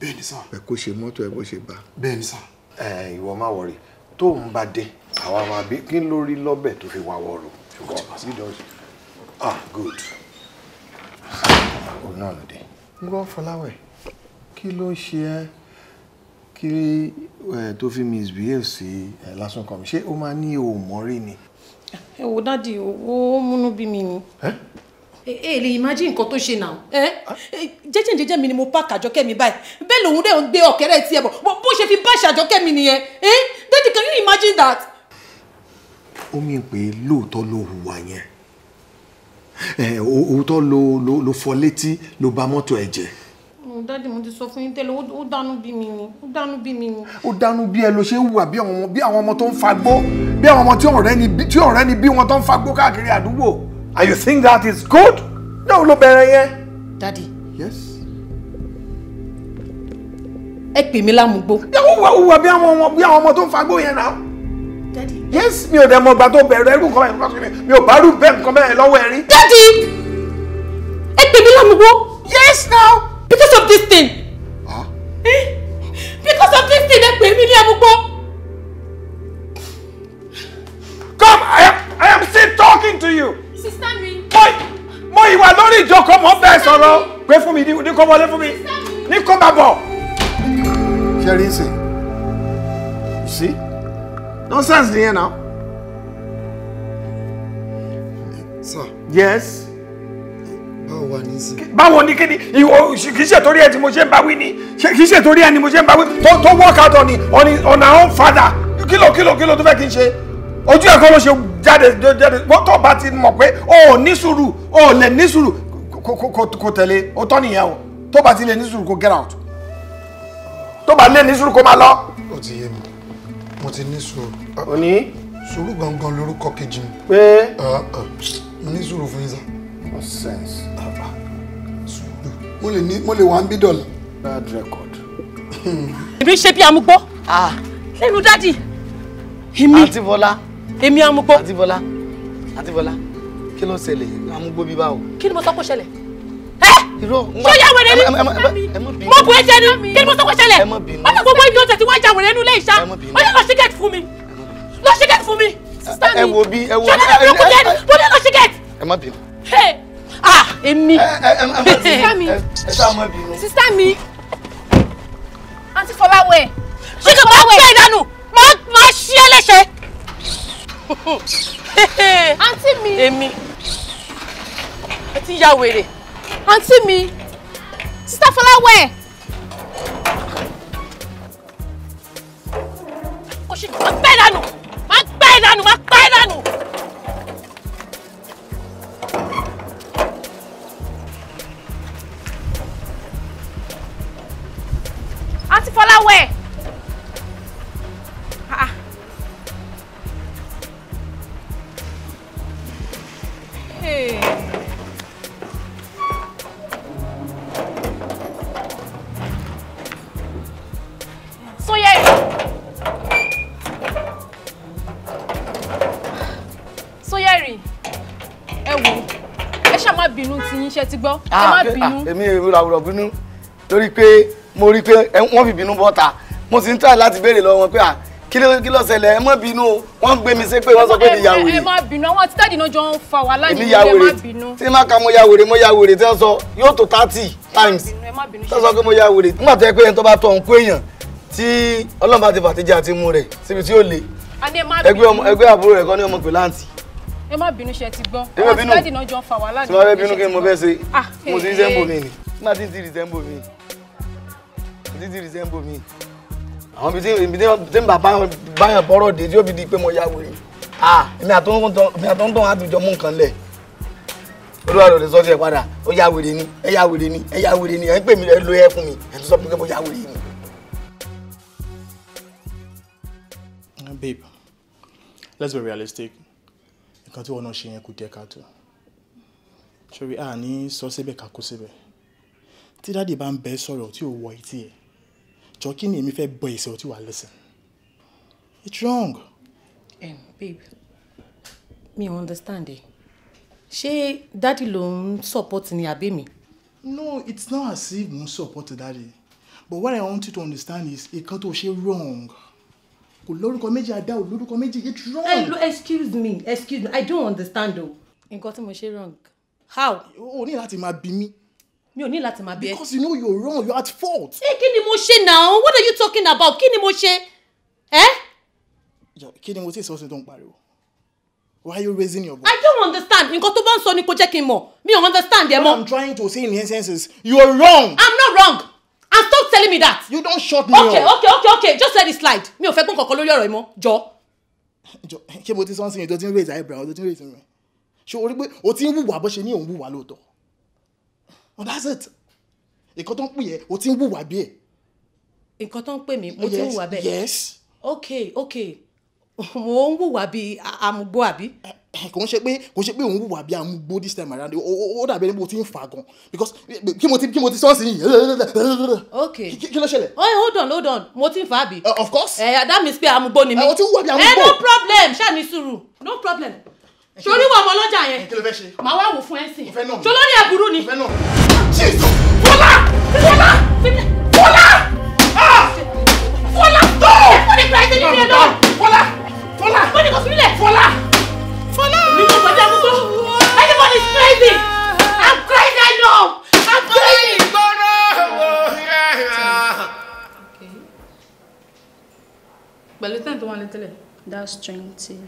bẹ́ẹ̀ ni sá. ẹ kó ṣe mọ́tò ẹ bó ṣe bá. bẹ́ẹ̀ ni sá. ẹ ìwọ má wọrí tó ń bá dé àwa máa bí kí n lórí lọ́bẹ̀ tó fi wá wọ̀rọ̀ ṣùgbọ́n ah good òun náà lòdì. ń gbọ́ Fọláwẹ̀ kí ló ń ṣe ẹ́ kí tó fi misbehave sí lásán kan ṣé ó máa ní òun mọ́rí ni. ẹ wo dádì owó múnú bí mi ni ẹ eh, eh, lè imagine nǹkan tó ṣe náà ẹ eh? ah. jẹjẹ jẹjẹ mi ni mo pa kàjọkẹ́ mi báyìí bẹ́ẹ̀ lòun dẹ̀ ń gbé ọ̀kẹ́rẹ́ tiẹ̀ bọ̀ bó ṣe fi bá ṣàjọkẹ́ mi nìyẹn ẹ daddy can you imagine that. ó mi pé lóòótọ́ ló hùwà yẹn òótọ́ ló fọ́ létí ló bà mọ́tò ẹ̀ jẹ́ mm, dáàdì mo ti sọ fún yín tẹ́lẹ̀ ó dánú bí mi ni ó dánú bí mi ni. ó dánú bí ẹ ló ṣe ń wà bí àwọn ọmọ tó ń fagbó bí àwọn ọmọ tí ọ̀rẹ́ ni bí wọn tó ń fagbó káàkiri àdúgbò. And you think that is good? No, no better yẹn. Daddy. Yes. Ẹ pè mí lámùgbó. Yàwó wà wùwà bí àwọn ọmọ bí àwọn ọmọ tó ń fagbó yẹn náà. Daddy. Yes, mi ò dẹ̀ mọ̀ ìgbà tó bẹ̀rẹ̀ ẹrú nǹkan báyìí mi ò bá rú bẹ́ẹ̀ nǹkan bẹ́ẹ̀ lọ́wọ́ ẹ̀ rí. Daddy. Ẹ pè mí lámùgbó. Yes now. Because of this thing. Ah. Eh? Because of this thing, ẹ pè mí ní àmúgbó. Come, I am, I am still talking to you mo ìwà lórí ìjókòó mo ń bẹ́ẹ̀ sọ̀rọ̀ pé fún mi ní kó wọlé fún mi ní kó máa bọ̀. ṣe rí sè sí nonsense nìyẹn náà. sir. yes. báwo wà ní sí. báwo ni kíni ìwọ kì í ṣe torí ẹ tí mo ṣe ń bá wí ni kì í ṣe torí ẹ ni mo ṣe ń bá wí tó tó work out on on on our own father kí ló kí ló kí ló tó fẹ́ kí n ṣe ojú ẹ̀kọ́ ló ṣe jáde jáde tó bá ti mọ̀ pé o ò ní sùúrù o ò lè ní sùúrù kò tẹ̀lé o tọ́ nìyẹn o tó bá ti lè ní sùúrù kò get out tó bá lè ní sùúrù kò máa lọ. ó ti yé mi mo ti ní sùúrù. o ní. sùúrù gangan lórúkọ kejì mi. pé. mo ní sùúrù fún yín sá. no sense. sùúrù mo lè ní mo lè wà ń bí dọ̀là. bad record. èmi ṣe bí amúgbó ah. lẹ́nu dádì èmi. àǹtí Bọ́lá èmi amúgbó. àti bọ́lá àti bọ́lá kí ló ṣẹlẹ̀ amúgbó bíbá o. kí ni mo sọ kó ṣẹlẹ̀. ẹ ṣó yà wẹ̀rẹ̀ ni mo bù ẹ jẹ ni kí ni mo sọ kó ṣẹlẹ̀. wọ́n ní gbogbo ibi ó tẹ̀sí wọ́n já wẹ̀rẹ̀ nínú ilé ìṣá wọ́n ní lọ ṣíkẹ́ẹ̀tì fún mi lọ ṣíkẹ́ẹ̀tì fún mi. ẹ wo bí ẹ wo bí ṣọlá lọ ṣíkẹ́ẹ̀tì. ẹ má bínú. ah èmi. sísá mi sísá mi àǹtí Fọláwẹ̀ àǹtí Fọláwẹ̀ ṣé kò máa gbé ìdánù máa ṣí ẹ léṣe àǹtí mi èmi ẹ ti ya wèrè àǹtí mi sísá Fọláwẹ̀. ó ṣe máa gbẹ́ dànù máa gbẹ́ dànù máa gbẹ́ dànù. àǹtí where. gbọ́ ẹ ah, má bínú. Ah, èmi ìràwùrọ̀ bínú torí pé mo rí i pé wọ́n fi bínú bọ́ta mo sì ń tà láti béèrè lọ́wọ́ wọn pé à ah, kí ló kí ló ṣẹlẹ̀ ẹ má bínú o wọ́n gbé mi sí pé wọ́n sọ pé mi ya wèrè. ẹ má bínú àwọn àti tẹ́ẹ̀dì náà jọ ń fa wàhálà nínú ẹ má bínú. tí má ka mo ya wèrè mo ya wèrè tí wọ́n sọ yóò tó thirty times tí wọ́n sọ pé mo ya wèrè nígbà tó yẹ pé ẹni tó bá tọ̀ ń kó èèyàn tí ọlọ́run bá ti fàtijẹ́ àti mú rẹ̀ síbi tí ó le ẹgbẹ́ àbúrò rẹ̀ kọ́ ní ọmọ pẹ̀láǹtì ẹ má bínú ṣe ti gbọ́n àwọn àti dáàdì náà jọ ń fa wàhálà nínú ìṣẹ́ ti gbọ́n. tí wọ́n fẹ́ bínú kí n mo fẹ́ ṣe ah, mo ti ń eh, sẹ́ńbò mi ni nígbà eh. tí n ti rìsẹ́ńbò mi n ti rìsẹ́ńbò àwọn ibi tí ibi tí n bá bọ́rọ̀ dé tí ó fi di pé mo yá wèrè ah èmi àtọ́ntàn àtijọ́ mú nǹkan lẹ̀ olúwa lòdì sọ sí ẹ padà ó yá wèrè ni ẹ yá wèrè ni ẹ yá wèrè ni ẹ ń pè mí ẹ lo ẹ fún mi ẹ tún sọ pé mo yá wèrè ni. Babe, let's be realistic nǹkan tí wọ́n náà ṣe yẹn kù díẹ̀ káàtó sori a ní sọ síbẹ̀ ká kó síbẹ̀ tí dáàdi bá ń bẹ sọ̀rọ̀ tí ò wọ etí ẹ̀ jọ kí ni èmi fẹ́ bọ ìṣẹ́ ọtí wà lẹ́sẹ̀ it's wrong. Um, babe mi ò understand ẹ ṣé dáàdi ló ń support ni àbí mi. no it's not as if mo support dáàdi but what i want you to understand is nǹkan tó ṣe wrong kò lórúkọ méjì àdá ò lórúkọ méjì it's wrong. ẹ lo excuse me excuse me i don't understand o. nǹkan tí mo ṣe wrong how. o ní láti máa bí mi. mi ò ní láti máa bí ẹ. because you know you're wrong you're at fault. ẹ kí ni mo ṣe now what are you talking about kí ni mo ṣe ẹ. Eh? kí ni mo ti sọ sí tó ń pariwo why are you raising your voice. i don't understand nǹkan tó bá ń sọ ni kò jẹ́ kí n mọ̀ mi ò understand ẹ mọ́. what i'm trying to say in essence is you're wrong. i'm not wrong stop telling me that. you don't shut me okay, up. okay okay okay just let it slide Me ò fẹ́ gbọ́n kankan lórí ọ̀rọ̀ yìí mọ́ jọ. jọ ṣé mo ti sọ ń sìn ti raise eyebrow tó ti raise eyebrow ṣé o rí pé o ti ń wùwà bó ṣe ní òun wùwà lóòótọ́ and that's it nǹkan tó ń pè yẹ o ti ń wùwà bí ẹ. nǹkan tó ń mo ti ń wùwà yes. okay okay mo ń wùwà bí amúgbó kò ń ṣe pé kò ń ṣe pé òun wùwà bí amúgbó this time around ó dàbí ẹni bó ti ń fa gan because kí mo ti kí mo ti sọ́ọ̀sì yìí. ok kí ló ṣẹlẹ̀. oye hold on hold on mo ti ń fa bi. Uh, of course. ẹ eh, that means pé amúgbó ni mi. ẹ eh, o ti wùwà bí eh, amúgbó. ẹ no problem ṣáà ní sùúrù no problem. sori wà ọmọ ọlọ́jà yẹn. kí ló fẹ́ ṣe. màá wá wò fún ẹ sìn. sọlọ́ni ẹ̀ burú ni. fọlá fọlá fọlá ah! fọlá tó. ẹ fún ni pẹ̀lú ilé náà. baby. I'm crazy, I know. I'm crazy. Okay. But listen tó one little. That's twenty.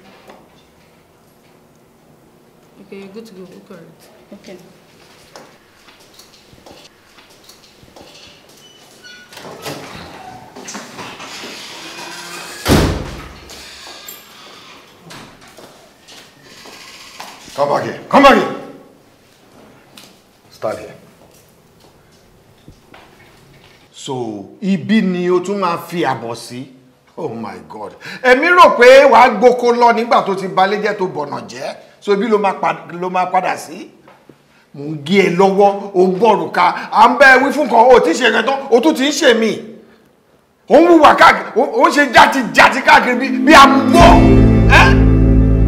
Okay, you're good to go. Go correct. Okay. Come back here. Come back here. start here. so ibi ni o tún máa fi àbọ̀ sí oh my god èmi rò pé wàá gboko lọ nígbà tó ti balẹ̀ jẹ́ tó bọ̀nà so ibi ló máa padà sí mò ń gé ẹ lọ́wọ́ ò ń bọ̀rù ká à ń bẹ́ wí fún kan ò tí ì ṣe yẹn tán o tún ti ń ṣe mí ò ń wùwà káàkiri ò ń ṣe játijàti káàkiri bí bí amúgbó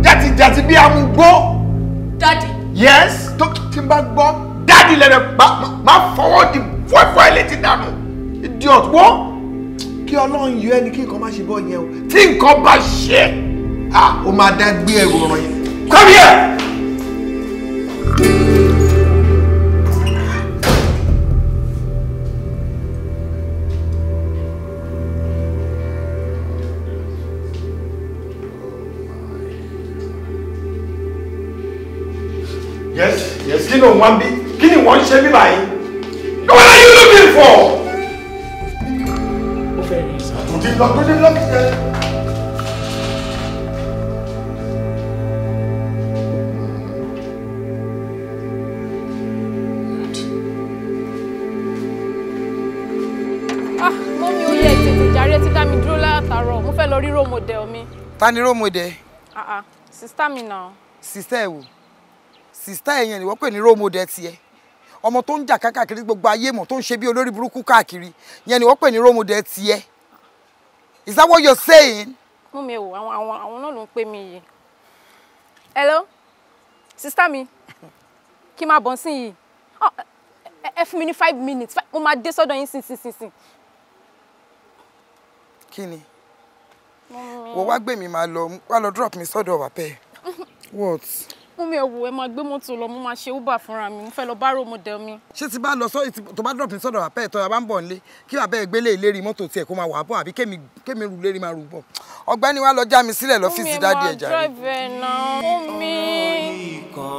játijàti bí amúgbó. dadi. yes tó ti bá dáàdì lẹ́nu máa fọwọ́ di fọ́ẹ̀fọ́ ẹ̀ létí dànù idiot wọ́n kí ọlọ́run yọ ẹni kí nǹkan má ṣe bọ́ yẹn o tí nǹkan bá ṣe à ó máa dá gbé ẹrù ọ̀rọ̀ yẹn come here. Yes, yes, you know, one bit wọ́n ṣe mí báyìí what are you looking for. ó fẹ́ rí sá. kò ní lọ kò ní lọ kí ẹ. Ah, ta ni role model. ah ah sista mi náà. sista ẹ wo sista ẹ yẹn ni wọ́n pè ní role model tiẹ̀ ọmọ tó ń jà káàkiri gbogbo ayé mọ̀ tó ń ṣe bí olórí burúkú káàkiri yẹn ni wọ́n pè ní role model is that what you're saying. mú mi wò àwọn àwọn àwọn náà ló ń pè mí yìí hello sista mi kí n máa bọ̀ sí yìí ẹ fún mi ní five minutes mo máa dé sọ́dọ̀ yín sínsìnsìn. kí ni wọ́n wá gbé mi máa lọ wá lọ drop mi sọ́dọ̀ wàpẹ́ what mú mi ẹwù ẹ máa gbé mọ́tò lọ mo máa ṣe uber fúnra mi mo fẹ́ lọ bárò mo dẹ̀ mi. ṣé ti bá lọ sọ tó bá drop ní sọ́dọ̀ àpẹ́ ẹ̀tọ́ yàrá ń bọ̀ nílé kí bàbá ẹ̀ gbélé ìlérí mọ́tò tiẹ̀ kó máa wà bọ̀ àbí kémi rú lérí máa rú bọ̀ ọ̀gbẹ́ni wa lọ já mi sílẹ̀ lọ́fíìsì dáàdi ẹ̀já rẹ̀. mú mi ẹ̀ máa drive ẹ̀ náà.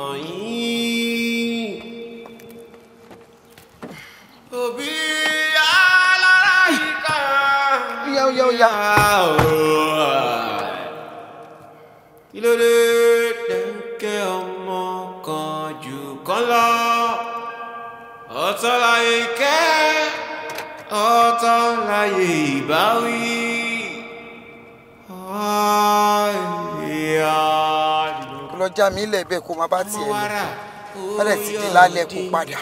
kí ló dé. ọ̀tán lọ ọ̀tán láyé ìkẹ́ ọ̀tán láyé ìbáwí. lọ́jà mi ilẹ̀ ibẹ̀ kó máa bá tiẹ̀ lọ bẹ́ẹ̀ ti di lálẹ́ kó padà.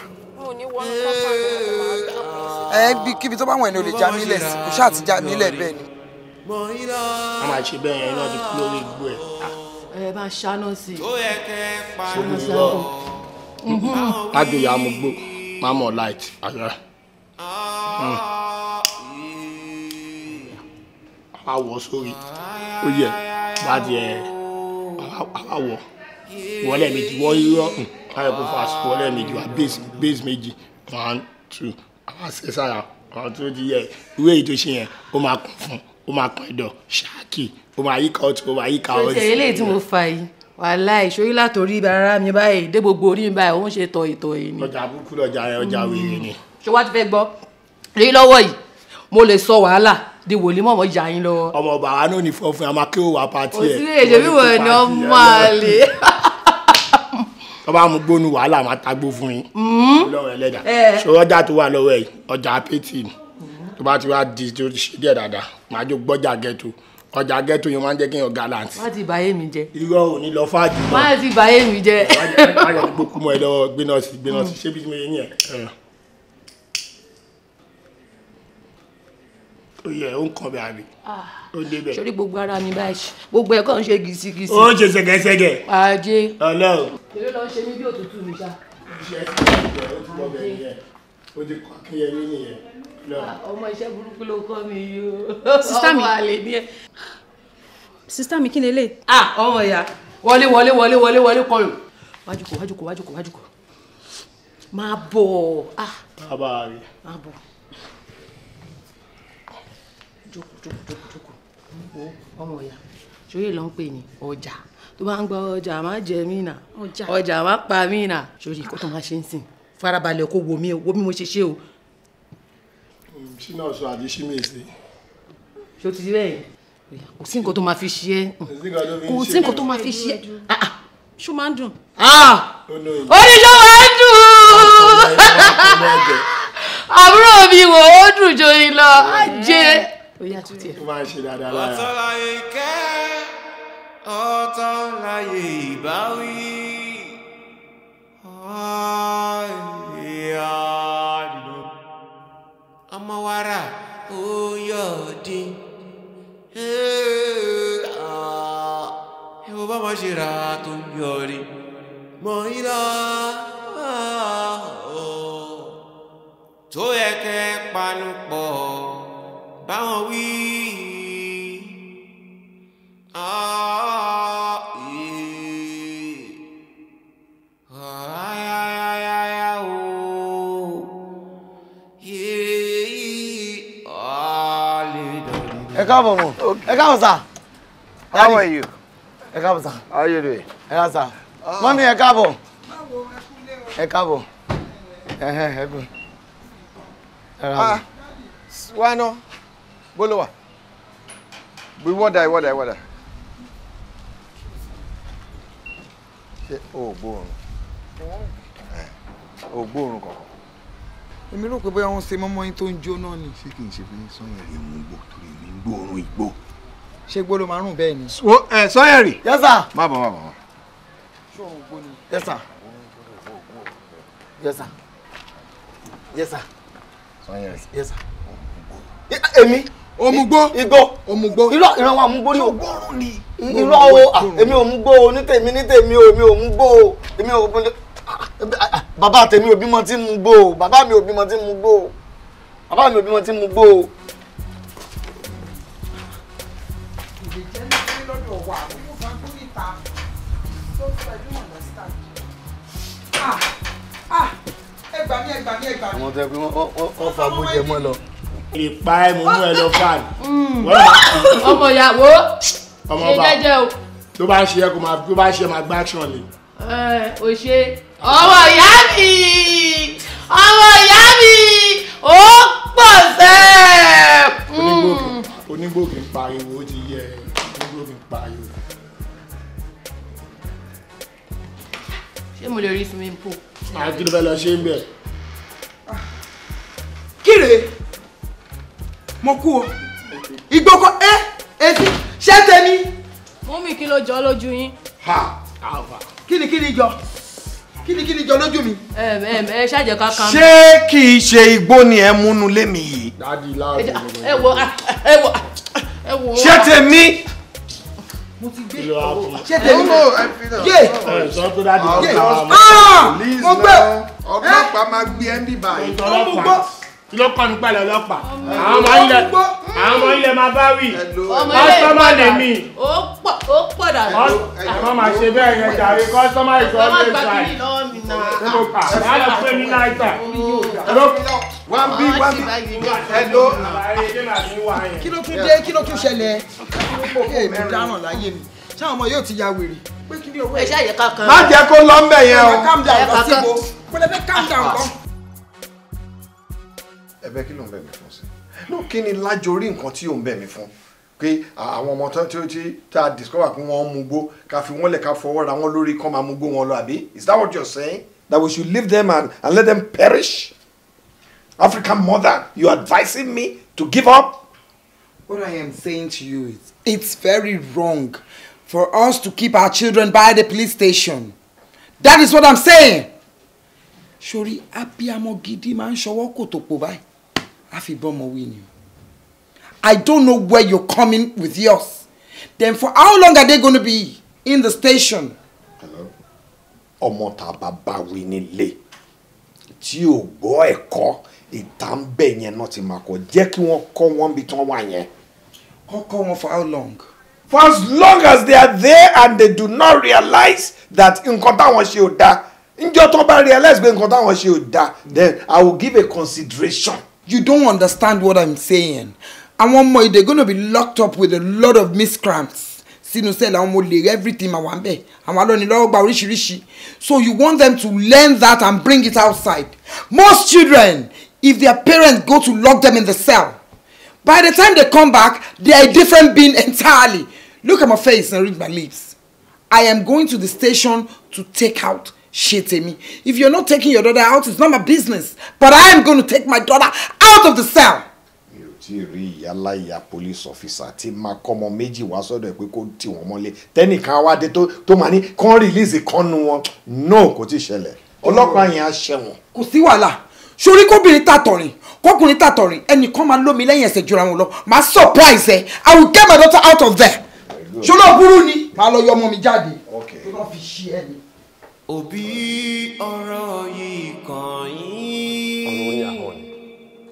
ẹ bí kíbi tó bá wọn ẹni ò lè já mi ilẹ̀ sí kò ṣáà ti já mi ilẹ̀ bẹ́ẹ̀ ni. a máa ṣe bẹ́ẹ̀ yẹn iná ti kú lórí ẹ̀. ẹ bá ṣáná sí i ṣùgbọ́n. Mm-hmm. adùn amúgbó mamọ light àyà. àwọ̀ hmm. sórí ó yẹ láti ẹ̀ àwọ̀ wọlé méjì wọ́n yíyọ́ ayọ̀ kó fast wọlé méjì wá base base méjì one two àwọn àṣẹṣàyà àwọn tó ti yẹ ìwé èyí tó ṣe yẹn ó máa kún fún ó máa kún ẹ̀dọ̀ ṣáàkì ó máa yíká ọtún ó máa yíká ọtún. ṣe eléyìí tí mo fa yìí wàláì ìṣòrí látòrí ara mi báyìí dé gbogbo orí mi báyìí òun ṣe tọ ìtọ yìí ni. ọjà àbúkú lọjà rẹ ọjà wèrè ni. ṣé wàá ti fẹ́ gbọ́ rí lọ́wọ́ yìí mo lè sọ wàhálà di wòlíì mọ̀mọ́ jà yín lọ́wọ́. ọmọ ọba wa náà ní fọfún àmọ́ kí ó wà pàtí òsì èdè bí wọ́n ní ọmọ àlè. ọba mu gbónú wàhálà máa tagbó fún yín. Mm-hmm. lọ́wọ́ ẹlẹ́dà ṣé tó wà lọ́wọ́ ọjà ghetto yẹn máa ń jẹ́ kí èèyàn gallant. wọ́n ti bàyé mi jẹ. irọ́ ò ní lọ fáàjì náà. wọ́n ti bàyé mi jẹ. wáyà ní gbókú mọ́ ẹ lọ́wọ́ gbéná sí gbéná sí ṣé bí mo yẹ yẹn. ó yẹ ó ń kàn bẹ́ẹ̀ àbí. Ah. ó débẹ̀. sori gbogbo ara mi báyìí gbogbo ẹ̀ kàn ń ṣe gisigisi. ó ń ṣe sẹ̀gẹ̀sẹ̀gẹ̀. ajé. ọlọ́run. èló lọ ṣe mí bí òtútù mi ṣá. iṣẹ́ ti ń bẹ̀rẹ̀ ó ti bọ̀ Ah, ọmọ iṣẹ́ burúkú ló kọ́ mi yìí o ọmọ àlè ni ẹ. sista mi kí ni eléyìí. ah ọmọ ìyá wọlé wọlé wọlé wọlé wọlé kọlù wájúkò wájúkò wájúkò wájúkò máa bọ̀ ah. bàbá rẹ. máa bọ̀ jókòó jókòó jókòó jókòó ọmọ ìyá ṣòye ló ń pè ní ọjà tó bá ń gba ọjà má jẹ mí nà ọjà má pa mí nà ṣòye kó tó máa ṣe ń sìn farabalẹ̀ kó wo mi o wo bí mo ṣe ṣe o ṣínà sọ àbí ṣímèsè. ṣé o ti bẹ́ẹ̀ kò sí nǹkan tó máa fi ṣe é kò sí nǹkan tó máa fi ṣe é ah, ah. ṣó máa ń dùn. oníṣó ah! máa ń dùn àbúrò mi wò ó dùn joyin lọ ajé. ó láyé ìkẹ́ ọ̀tọ̀ láyé ìbáwí. Oh, yeah ọmọ wàrà ó yọ̀ dín ẹ̀wọ̀n bá máa ṣe ra tó ń yọ̀ rí mọ̀ ìlà ah, oh. tó yẹ kẹ́ panu pọ̀ báwọn wí. Ah. ẹ káàbọ̀ mọ̀ ẹ how are you. ẹ káàbọ̀ how are you doing. ẹ ká sà. mọ́mí ẹ káàbọ̀. ẹ káàbọ̀. ẹ ẹ ẹ kú. ẹ káàbọ̀. wá that. What that? bí wọ́n da ìwọ́dà ìwọ́dà. ṣé o ò gbóòórùn eh, o ò gbóòórùn kankan èmi rò pé bóyá wọn ṣe mọ́mọ́ yín tó ń ni. ṣé kì í ṣe fún sọyìn rẹ mú gbò torí mi gbóòórùn igbó. ṣé igbó ló máa rùn bẹ́ẹ̀ ni. wo ẹ sọyẹrì. yes sir. má bọ̀ má bọ̀. ṣóòrùn igbó ni. yes sir. yes sir. yes sir. sọyẹrì. yes sir. èmi. omugbó. igbó. omugbó. irọ́ ìran wa omugbó ni o. gbóòórùn ni. irọ́ o ah, èmi omugbó o ní tèmi ní tèmi o èmi omugbó o èmi omugbó bàbá tèmi òbí mọ tí mu o bàbá mi òbí mọ tí mu o bàbá mi òbí mọ tí mu o. Ah, ah, ẹ gbà mí ẹ gbà mí ẹ gbà mí. wọn tẹ pé wọn fa bójẹ mọ lọ. ìpa ẹ mú ẹ lọ fan. ọmọ ìyàwó ṣe jẹ́jẹ́ o. tó bá ń ṣe kó máa tó bá ń ṣe máa gbá action lè. ò ṣe ọmọ ìyá mi ọmọ ìyá mi ó pọ̀ sẹ́ẹ̀. onígbòkè onígbòkè ń pariwo. ṣé mo lè rí swimming pool. àti bẹ́ẹ̀ ṣe ń bẹ̀. kíre mo kú o ìgbókò ẹ etí ṣẹ́ tẹ́ni. mọ́mí kí ló jọ lójú yín. kí ni jọ kí ni jọ lójú mi. ẹ ẹ ṣàjẹ kankan. ṣé kì í ṣe igbó ni ẹ múnú lémi yìí. ẹ wo ẹ wo ẹ wo. ṣé tèmi mo ti gbé ọwọ́ ṣé tèmi mo mo gbé ọlọ́pàá máa gbé ẹ́ bíbá nípa ilẹ̀ ọlọ́pàá àwọn ọmọ ilẹ̀ máa bá wì kọ́sọ́mà lè mì. ó pọ̀ dà àwọn máa ṣe bẹ́ẹ̀ yẹn jàre kọ́sọ́mà ìṣọ́ lè ṣàì. ó pà láti pé mi náà ìtàn wọ́n bí wọ́n bí ẹ̀dọ́ kí ló tún dé kí ló tún ṣẹlẹ̀ èmi dáràn láyé mi sáwọn ọmọ yóò ti ya wèrè. ẹ ṣe àyè kankan. má jẹ́ kó lọ ń bẹ̀ yẹn o. calm down lọ síbo pẹlẹbẹ calm down kan. ẹ̀bẹ̀ kí ló ń bẹ̀ mí fún sí no kí ni lájorí nǹkan tí ò ń bẹ̀ mí fún pé àwọn ọmọ tó tí ó ti tá a discover pé wọ́n ń mugbó ká fi wọ́n lẹ̀ ká fọwọ́ ra wọ́n lórí kán máa mugbó wọn lọ àbí is that what you're saying that we should leave them and, and let them perish. African mother, you advising me to give up? What I am saying to you is, it's very wrong for us to keep our children by the police station. That is what I'm saying. Sori abiyamọ gidi man ń ṣọwọ́ kò afi bomo báyìí. I don't know where you're coming with yours. Then for how long are they going to be in the station? Hello? Ọmọ tá a bá bá wí nílé tí ìta ń bẹ̀ yẹn náà ti máa kọ jẹ́ kí wọ́n kọ́ wọn bí tán wà yẹn. wọ́n kọ́ wọn for how long. for as long as they are there and they do not realize that nǹkan táwọn ṣe ò dáa njẹ́ tó bá realize pé nǹkan táwọn ṣe ò dáa then I will give a consideration. you don't understand what I'm saying àwọn ọmọ yìí they're gonna be locked up with a lot of miscramps sínú sẹ́ẹ̀lì àwọn ọmọ lè rí everything àwọn à ń bẹ̀ àwọn alọ́nilọ́gba oríṣiríṣi so you want them to learn that and bring it outside most children if their parents go to lock them in the cell. By the time they come back, they are a different being entirely. Look at my face and read my lips. I am going to the station to take out Shetemi. If you're not taking your daughter out, it's not my business. But I am going to take my daughter out of the cell. mi ò tí ì police officer tí máa kọ́ ọmọ méjì wá sọ́dọ̀ ẹ̀ pé kó tì wọ́n mọ́lé tẹ́nìkan wá dé tó máa ní kán rìlíìsì kan nu wọn no kò tí ì ṣẹlẹ̀ ọlọ́pàá yẹn á ṣẹ̀wọ̀n. kò sí wàhálà sórí kóbìnrin tàtọ̀rìn kọkùnrin tàtọ̀rìn ẹnìkan máa lómi lẹ́yìn ẹsẹ̀ jura wọn lọ máa surprise ẹ i will get my daughter out of there ṣọlá burú ni máa lọ yọ ọmọ mi jáde tó lọ fi ṣí ẹ ni. òbí ọ̀rọ̀ yìí kàn yín. ọ̀rọ̀ yìí àhọ́ ni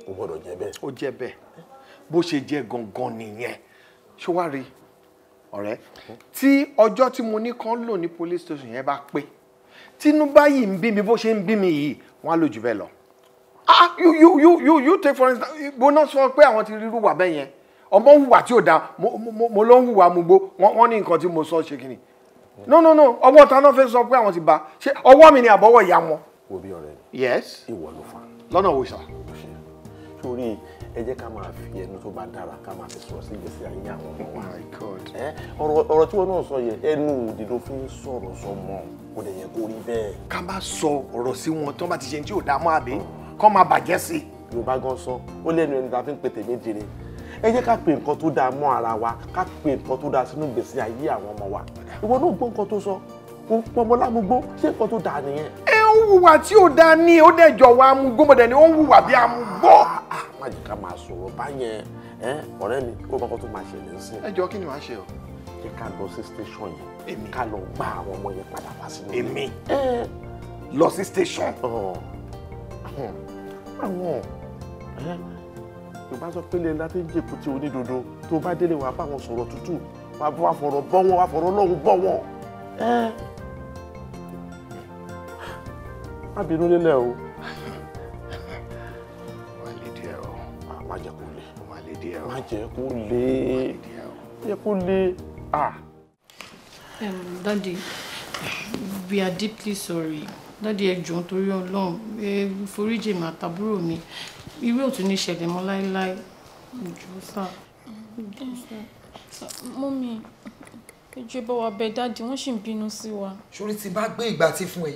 kò gbọ́dọ̀ jẹ́ bẹ́ẹ̀. ó jẹ́ bẹ́ẹ̀ bó ṣe jẹ́ gangan nìyẹn ṣó wá rí ọ̀rẹ́ tí ọjọ́ tí mo ní kan lò ní police station yẹn bá pé tínú báyìí ń bí mi bó ṣe ń bí mi yìí wọ́n á lò jù bẹ́ẹ̀ lọ. Ah, ah you you you you you take for instance mo náà so pé àwọn ti rírú wà bẹ́ẹ̀ yẹn ọmọ ń hùwà tí ò dáa mo ló ń hùwà mo gbó wọ́n ní nǹkan tí mo sọ ṣe kìnnì no no no ọwọ́ ta náà fẹ́ So pé àwọn ti bá ṣe ọwọ́ mi ni àbọ̀wọ̀ ìyá wọn. wo bí ọ̀rẹ́ yes ìwọ ló fa lọ́nà wo sà. torí ẹ jẹ́ ká máa fi ẹnu tó bá dára ká máa fi sọ̀rọ̀ sí ìgbésí ayé àwọn ọmọ wa oh ọ̀rọ̀ tí wọ́n náà sọ yẹn ẹnu òdì ló fi ń sọ̀rọ̀ sọmọ kò dẹ̀ yẹ kó rí bẹ́ẹ̀. ká má sọ ọ̀rọ̀ sí wọn tó bá ti ṣe ní tí ò dá mọ́ àbí kọ́ máa bàjẹ́ sí i. yorùbá gan sọ ó lẹ́nu ẹni tá a fi ń pe tèmi jèrè ẹ jẹ́ ká pe nǹkan tó dáa mọ́ ara wa ká pe nǹkan tó dáa sínú gbèsè ayé àwọn ọmọ wa ìwọ náà gbọ́ nǹkan tó sọ kò pọnmọ lámúgbó ṣé nǹkan tó dáa nìyẹn. ẹ ń hùwà tí ò dáa ní ó dẹjọ wa amúgbó mọdẹ ni ó ń hùwà bí amúgbó. Ah, ah, má jẹ́ ká máa sọ̀rọ̀ báyẹn ọ̀rẹ́ mi kó kọ́kọ́ tó máa ṣẹlẹ̀ sí. ẹ jọ kí ni màá ṣe o. jẹ́ ká lọ sí station yẹn ká lọ gba àwọn ọmọ yẹn padà wá sínú. èmi lọ sí station àwọn yorùbá sọ pé lẹ́yìn láti ń jèkú tí onídodo tó bá délé wàá bá wọn sọ̀rọ̀ tútù wàá fọ̀rọ̀ bọ́ wọn wàá fọ̀rọ̀ ọlọ́run bọ́ wọn. má bínú nílẹ̀ o. má lè ah, díẹ̀ o. má jẹ́ kó le. má lè díẹ̀ o. má jẹ́ kó le. má jẹ́ kó le. ah. Daddy, we are deeply sorry dádì ẹ jọ̀ọ́ torí Ọlọ́run ẹ foríjì mà tàbúrò mi irú òtún ní ìṣẹ̀lẹ̀ mọ́ láéláé ìjọ sá. mọ́mí kejì bá wa bẹ dáàdì wọ́n sì ń bínú sí wa. sori ti bá gbé ìgbà tí fún ẹ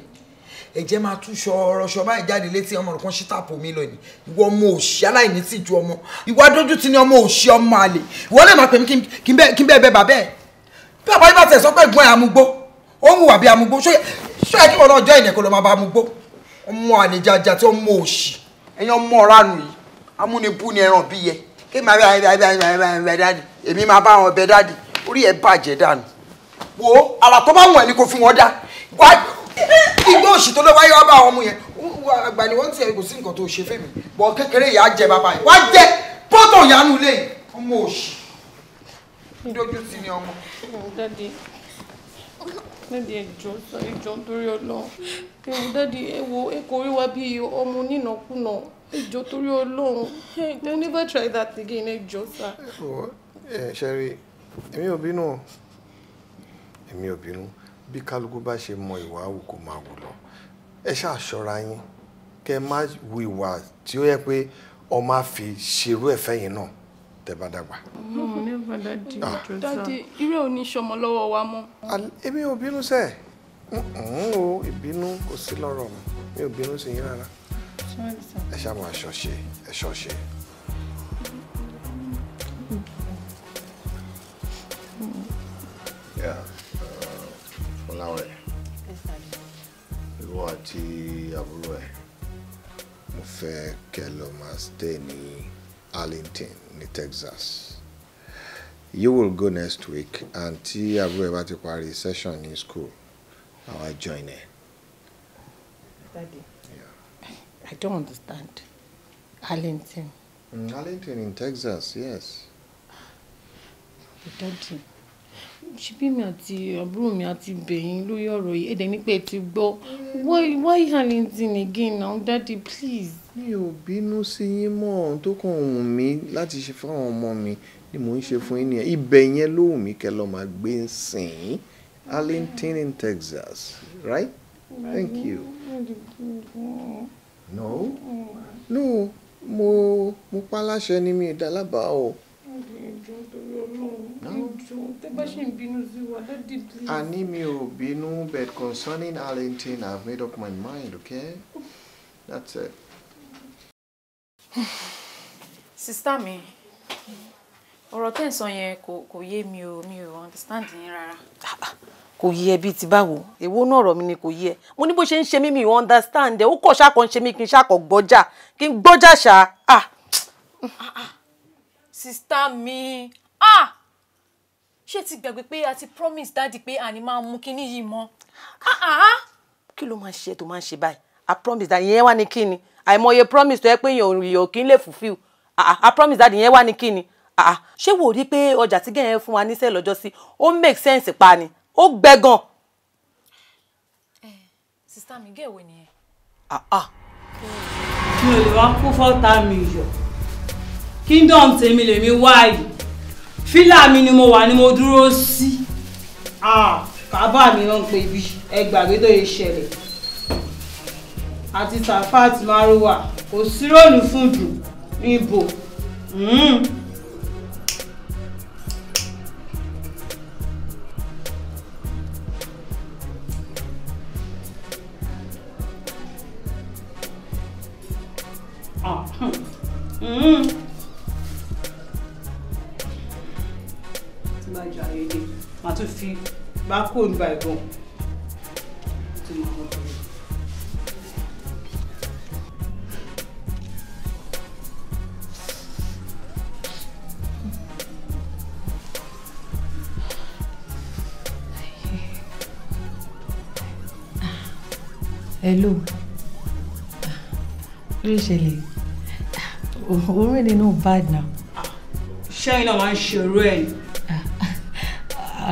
ẹ̀jẹ̀ máa tú ṣọ̀rọ̀ ṣọ̀ báyìí jáde létí ọmọ nǹkan ṣítàpù mi lọ ni ìwọ ọmọ òṣì aláìní tí ju ọmọ ìwà dójú ti ní ọmọ òṣì ọmọ àlè ìwọ náà máa pè mí kí n bẹ́ẹ̀ bẹ́ẹ̀ bàbá ẹ̀ bí bàbá yìí bá tẹ̀ sọ pé ẹ̀gbọ́n ẹ̀ àmúgbó ó ń wà bí amúgbó ṣó yẹ kí wọn náà jọ ìnẹ̀ ló máa bá amúgbó ọmọ ànijájá tí ó ń òṣì ẹ̀yin ọmọ ọ̀ranù yìí amúnibú ni ẹran bí yẹ kí màá bẹ bẹ bẹ bẹ bẹ dáàdì èmi máa bá wọn bẹ dáàdì orí ẹ bàjẹ́ dànù wo àlà bá wọn ẹni kò fi wọn dá wá igbó òṣì tó ló wáyé wá bá àwọn ọmọ yẹn àgbà ni wọ́n ti ẹ̀ kò sí nǹkan tó ṣe fẹ́mi bọ̀ kékeré yà á jẹ bàbá yìí wá jẹ pọ́tò yanu lẹ́yìn ọmọ òṣì ń dojú sí ni ọmọ níbi ẹjọ́ sọ ẹjọ́ torí Ọlọ́run ewu dáàdi ewu ekori wa bíi ọmọ onínàkúnà ẹjọ́ torí Ọlọ́run you never try that again ẹjọ́ sá. ẹ ṣẹ́rí èmi ò bínú èmi ò bínú bí kálukú bá ṣe mọ ìwà àwù kò máa wù lọ ẹ ṣáà ṣọ́ra yín kẹ́ má wu ìwà tí ó yẹ pé ọmọ àfi ṣerú ẹ̀fẹ́ yìí náà tẹ́ bá dàgbà. Mm, dadi ah. irú ò ní sọmọ lọ́wọ́ wa mọ́. èmi ò bínú sẹ́ o ìbínú kò sí lọ́rọ̀ mi mi ò bínú sí yín rárá ẹ ṣáà máa ṣọ̀ṣe ẹ ṣọ̀ṣe. Fọláwẹ̀ uh, ìwọ àti àbúrò ẹ̀ mo fẹ́ kẹ́ lọ máa stay ní Arlington ní Texas you will go next week and tí àbúrò ẹ bá ti parí session ní school I will join ẹ. Daddy, yeah. I don't understand. Arlington. Mm, Arlington in Texas, yes. You don't ṣebí mi àti àbúrò mi àti bẹ̀yìn lórí ọ̀rọ̀ yìí ẹ̀dẹ̀ ní pé ti gbọ́ why why harlington again now daddy please. mi ò bínú sí yín mọ́ ohun tó kàn wù mí láti ṣe fáwọn ọmọ mi ni mò ń ṣe fún yín nìyẹn ibẹ̀ yẹn ló wù mí kẹ́ lọ́ọ́ máa gbé ń sìn Arlington in Texas right thank you. no no mo mo pa láṣẹ ni mi ìdálábàá o. No. Ani mi ò bínú, but concerning Arlington, I've made up my mind, okay? That's it. Sister me. ọ̀rọ̀ tẹ́ ń sọ yẹn kò kò yé mi o, mi ò understand yín rárá. Ah, kò yé ẹ bíi ti báwo, èwo náà ọ̀rọ̀ mi ni kò yé Mo ní bó ṣe ń ṣe mi ò understand ẹ, ó kọ̀ ṣáà kan ṣe mí kí n ṣáà kọ̀ gbọ́jà, kí n gbọ́jà ṣáà. Ah. Ah, sista mi ah ṣé ti gbàgbé pé a ti promise dáàdi pé àní máa mú kinní yìí mọ́ ah ah. ah. kí ló máa ń ṣe tó máa ń ṣe báyìí a promise dáàdi yẹn wá ní kí ni àìmọye promise tó yẹ pé èèyàn ò kí ń lè fulfill ah ah. I promise dáàdi yẹn wá ní kí ni ah, ah ṣé wò ó rí pé ọjà tí gẹ̀yẹ́ fún wa níṣẹ́ lọ́jọ́ sí ó make sense pa ni ó gbẹ gan. ẹ eh, sista mi gẹ̀ẹ́wò nìyẹn. ah ah. mi ò lè wá kú fọ́ta mi yọ kingdom tèmi lèmi wáyé fílà mi ni mo wà ni mo dúró sí ah, bàbá mi ló ń pè bí ẹgbàgbé tó yẹ ṣẹlẹ̀ àti Tafat Maruwa kò sí róòlù fún dùn níbo Mm-hmm. máa kó nígbà ìbọn. hello lórí ìṣẹ̀lẹ̀ orin ni no bad now. ṣé iná máa ń ṣe orú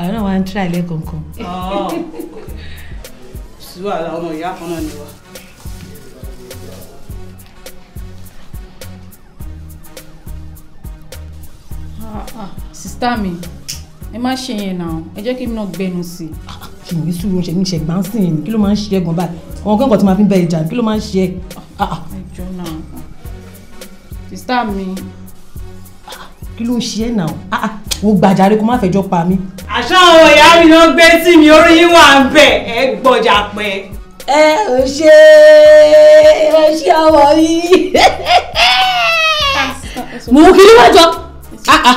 àwọn náà wá ń tíra ilé kankan. ṣùgbọ́n àwọn ọmọ ìyá kan náà ni wá. Ah, ah. sista mi ẹ má ṣe yẹn náà ẹ jẹ́ kí mi náà gbẹnu sí i. kì í sùúrù ṣe mi ṣe gbà ń sìn ní kí ló máa ń ṣe é gan báyìí àwọn kankan tí máa fi ń bẹ ìjà kí ló máa ń ṣe é. Ah, ẹ náà sista mi. kí ló ń ṣe é náà wo gbàjáre kó má fẹjọ́ pa mí àṣà àwọn ìyá mi ló gbé tí mi orí yín wà ń bẹ̀ ẹ gbọ́jà pẹ́. ẹ ò ṣe ẹ ṣe ọmọ yìí. mú kí ló wá jọ ah, ah,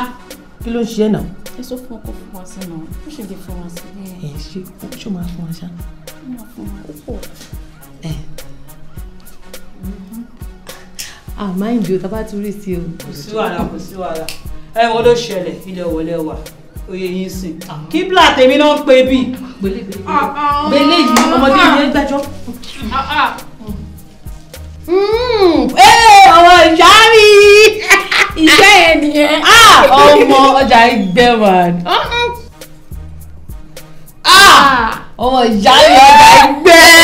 kí ló ń ṣe náà. ẹ sọ fún ọkọ fún wa sí náà ó ṣe lè fún wa sí. ẹ ṣe ṣó máa fún wa ṣá. ó máa fún wa púpọ̀. ẹ àmọ́ ìdí o tá bá tún rí sí o. kò sí wàhálà kò sí wàhálà ẹ wọ́n ló ṣẹlẹ̀ ilé wọlé oyè yín sìn kíbla tèmi náà ń pè bí gbélé yìí ọmọdé yìí ń gbẹjọ. Hmm. ọmọ ìyá mi iṣẹ́ yẹn nìyẹn. Ah, ọmọ ọjà ìgbẹ́ man ah, ọmọ ìyá mi ọjà ìgbẹ́.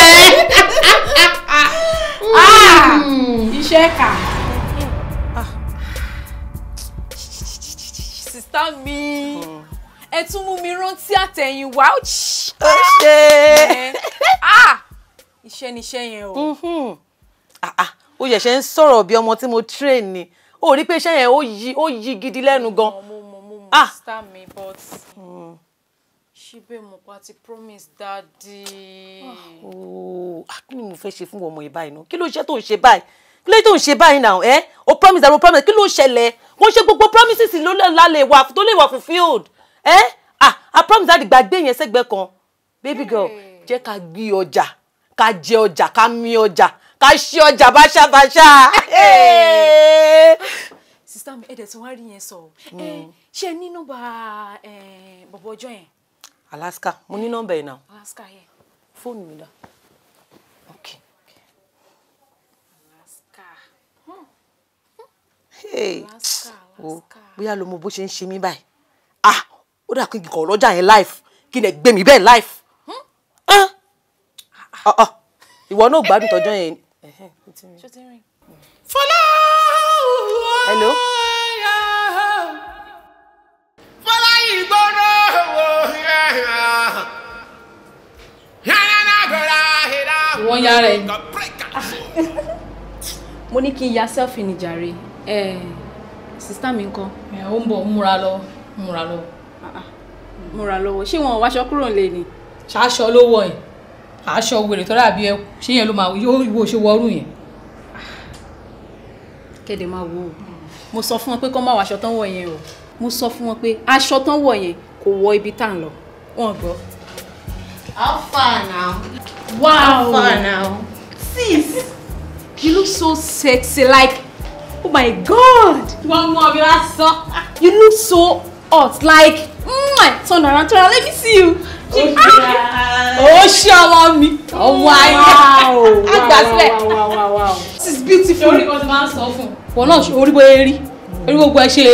Ah, hmm. iṣẹ́ kà. sista mi ẹ tún mú mi rántí àtẹ̀yìn wá ó ṣe ah! iṣẹ́ níṣẹ́ yẹn o. o mm-hmm. ah, ah. ṣẹ̀ṣẹ̀ ń sọ̀rọ̀ bí ọmọ tí mo train ni o rí pé iṣẹ́ yẹn ó yí gidi lẹ́nu gan. mo mọ mo mọ star mi but mm. ṣíbẹ̀ mo pa promise daddy. kí ni mo fẹ́ ṣe fún ọmọ yìí báyìí náà kí ló ṣe tó ń ṣe báyìí kí ló tó ń ṣe báyìí náà ẹ eh? o promise that o promise kí ló ṣẹlẹ̀ wọ́n ṣe gbogbo promises ló lè wà tó lè wà fulfilled ẹ eh? ah i promise that láti gbàgbé yẹn sẹ́gbẹ́ kan baby girl hmm. jẹ́ ká gbé ọjà ká jẹ ọjà ká mi ọjà ká ṣe ọjà báṣabáṣá. sista mi ẹ̀dẹ̀ tí wọ́n rí yẹn sọ eh, hmm. ṣe ní nọ́mbà eh, bọ̀bọ̀ ọjọ́ yẹn. alaska mo ní nọ́mbà yẹn náà. alaska yẹn. fóònù mi dá. okay. alaska. Hmm. alaska alaska. bóyá lo mọ bó ṣe ń ṣe mí báyìí ó dà kí n kàn lọ́jà yẹn life kí n ẹ̀ bẹ́ẹ̀ life. Ah, ah, ah. ìwọ náà gbádùn tọjọ́ yẹn. fọlá hello. fọlá ìgbọ́nà wò wọ́n yára ẹ̀ mo ní kí n ya selfie nìjàre sista mi ń kọ́ ẹ̀ ó ń bọ̀ múra lọ múra lọ mo rà ṣé wọn wáṣọ kúrò lè ní. ṣaṣọ ló yẹn aṣọ wèrè tọ́lá àbí ẹkú ṣé yẹn ló máa yóò ìwọ ṣe wọrú yẹn. kéde máa wo mo sọ fún wọn pé kó má wàṣọ tán wọ yẹn o mo sọ fún wọn pé aṣọ tán wọ yẹn kò wọ ibi tá à ń lọ wọn gbọ́. how far now. wow how far now. sis you look so sexy like oh my god. wọ́n mú ọ bí wọ́n á you look so hot like mwah, turn around turn around let me see you. ó ṣe ọmọ mi ọmọ ayé àgbàsílẹ̀ this is beautiful. ṣé orí kan ti máa ń sọ fún. wọn náà orí bóyá rí hmm. orí gbogbo ẹ ṣe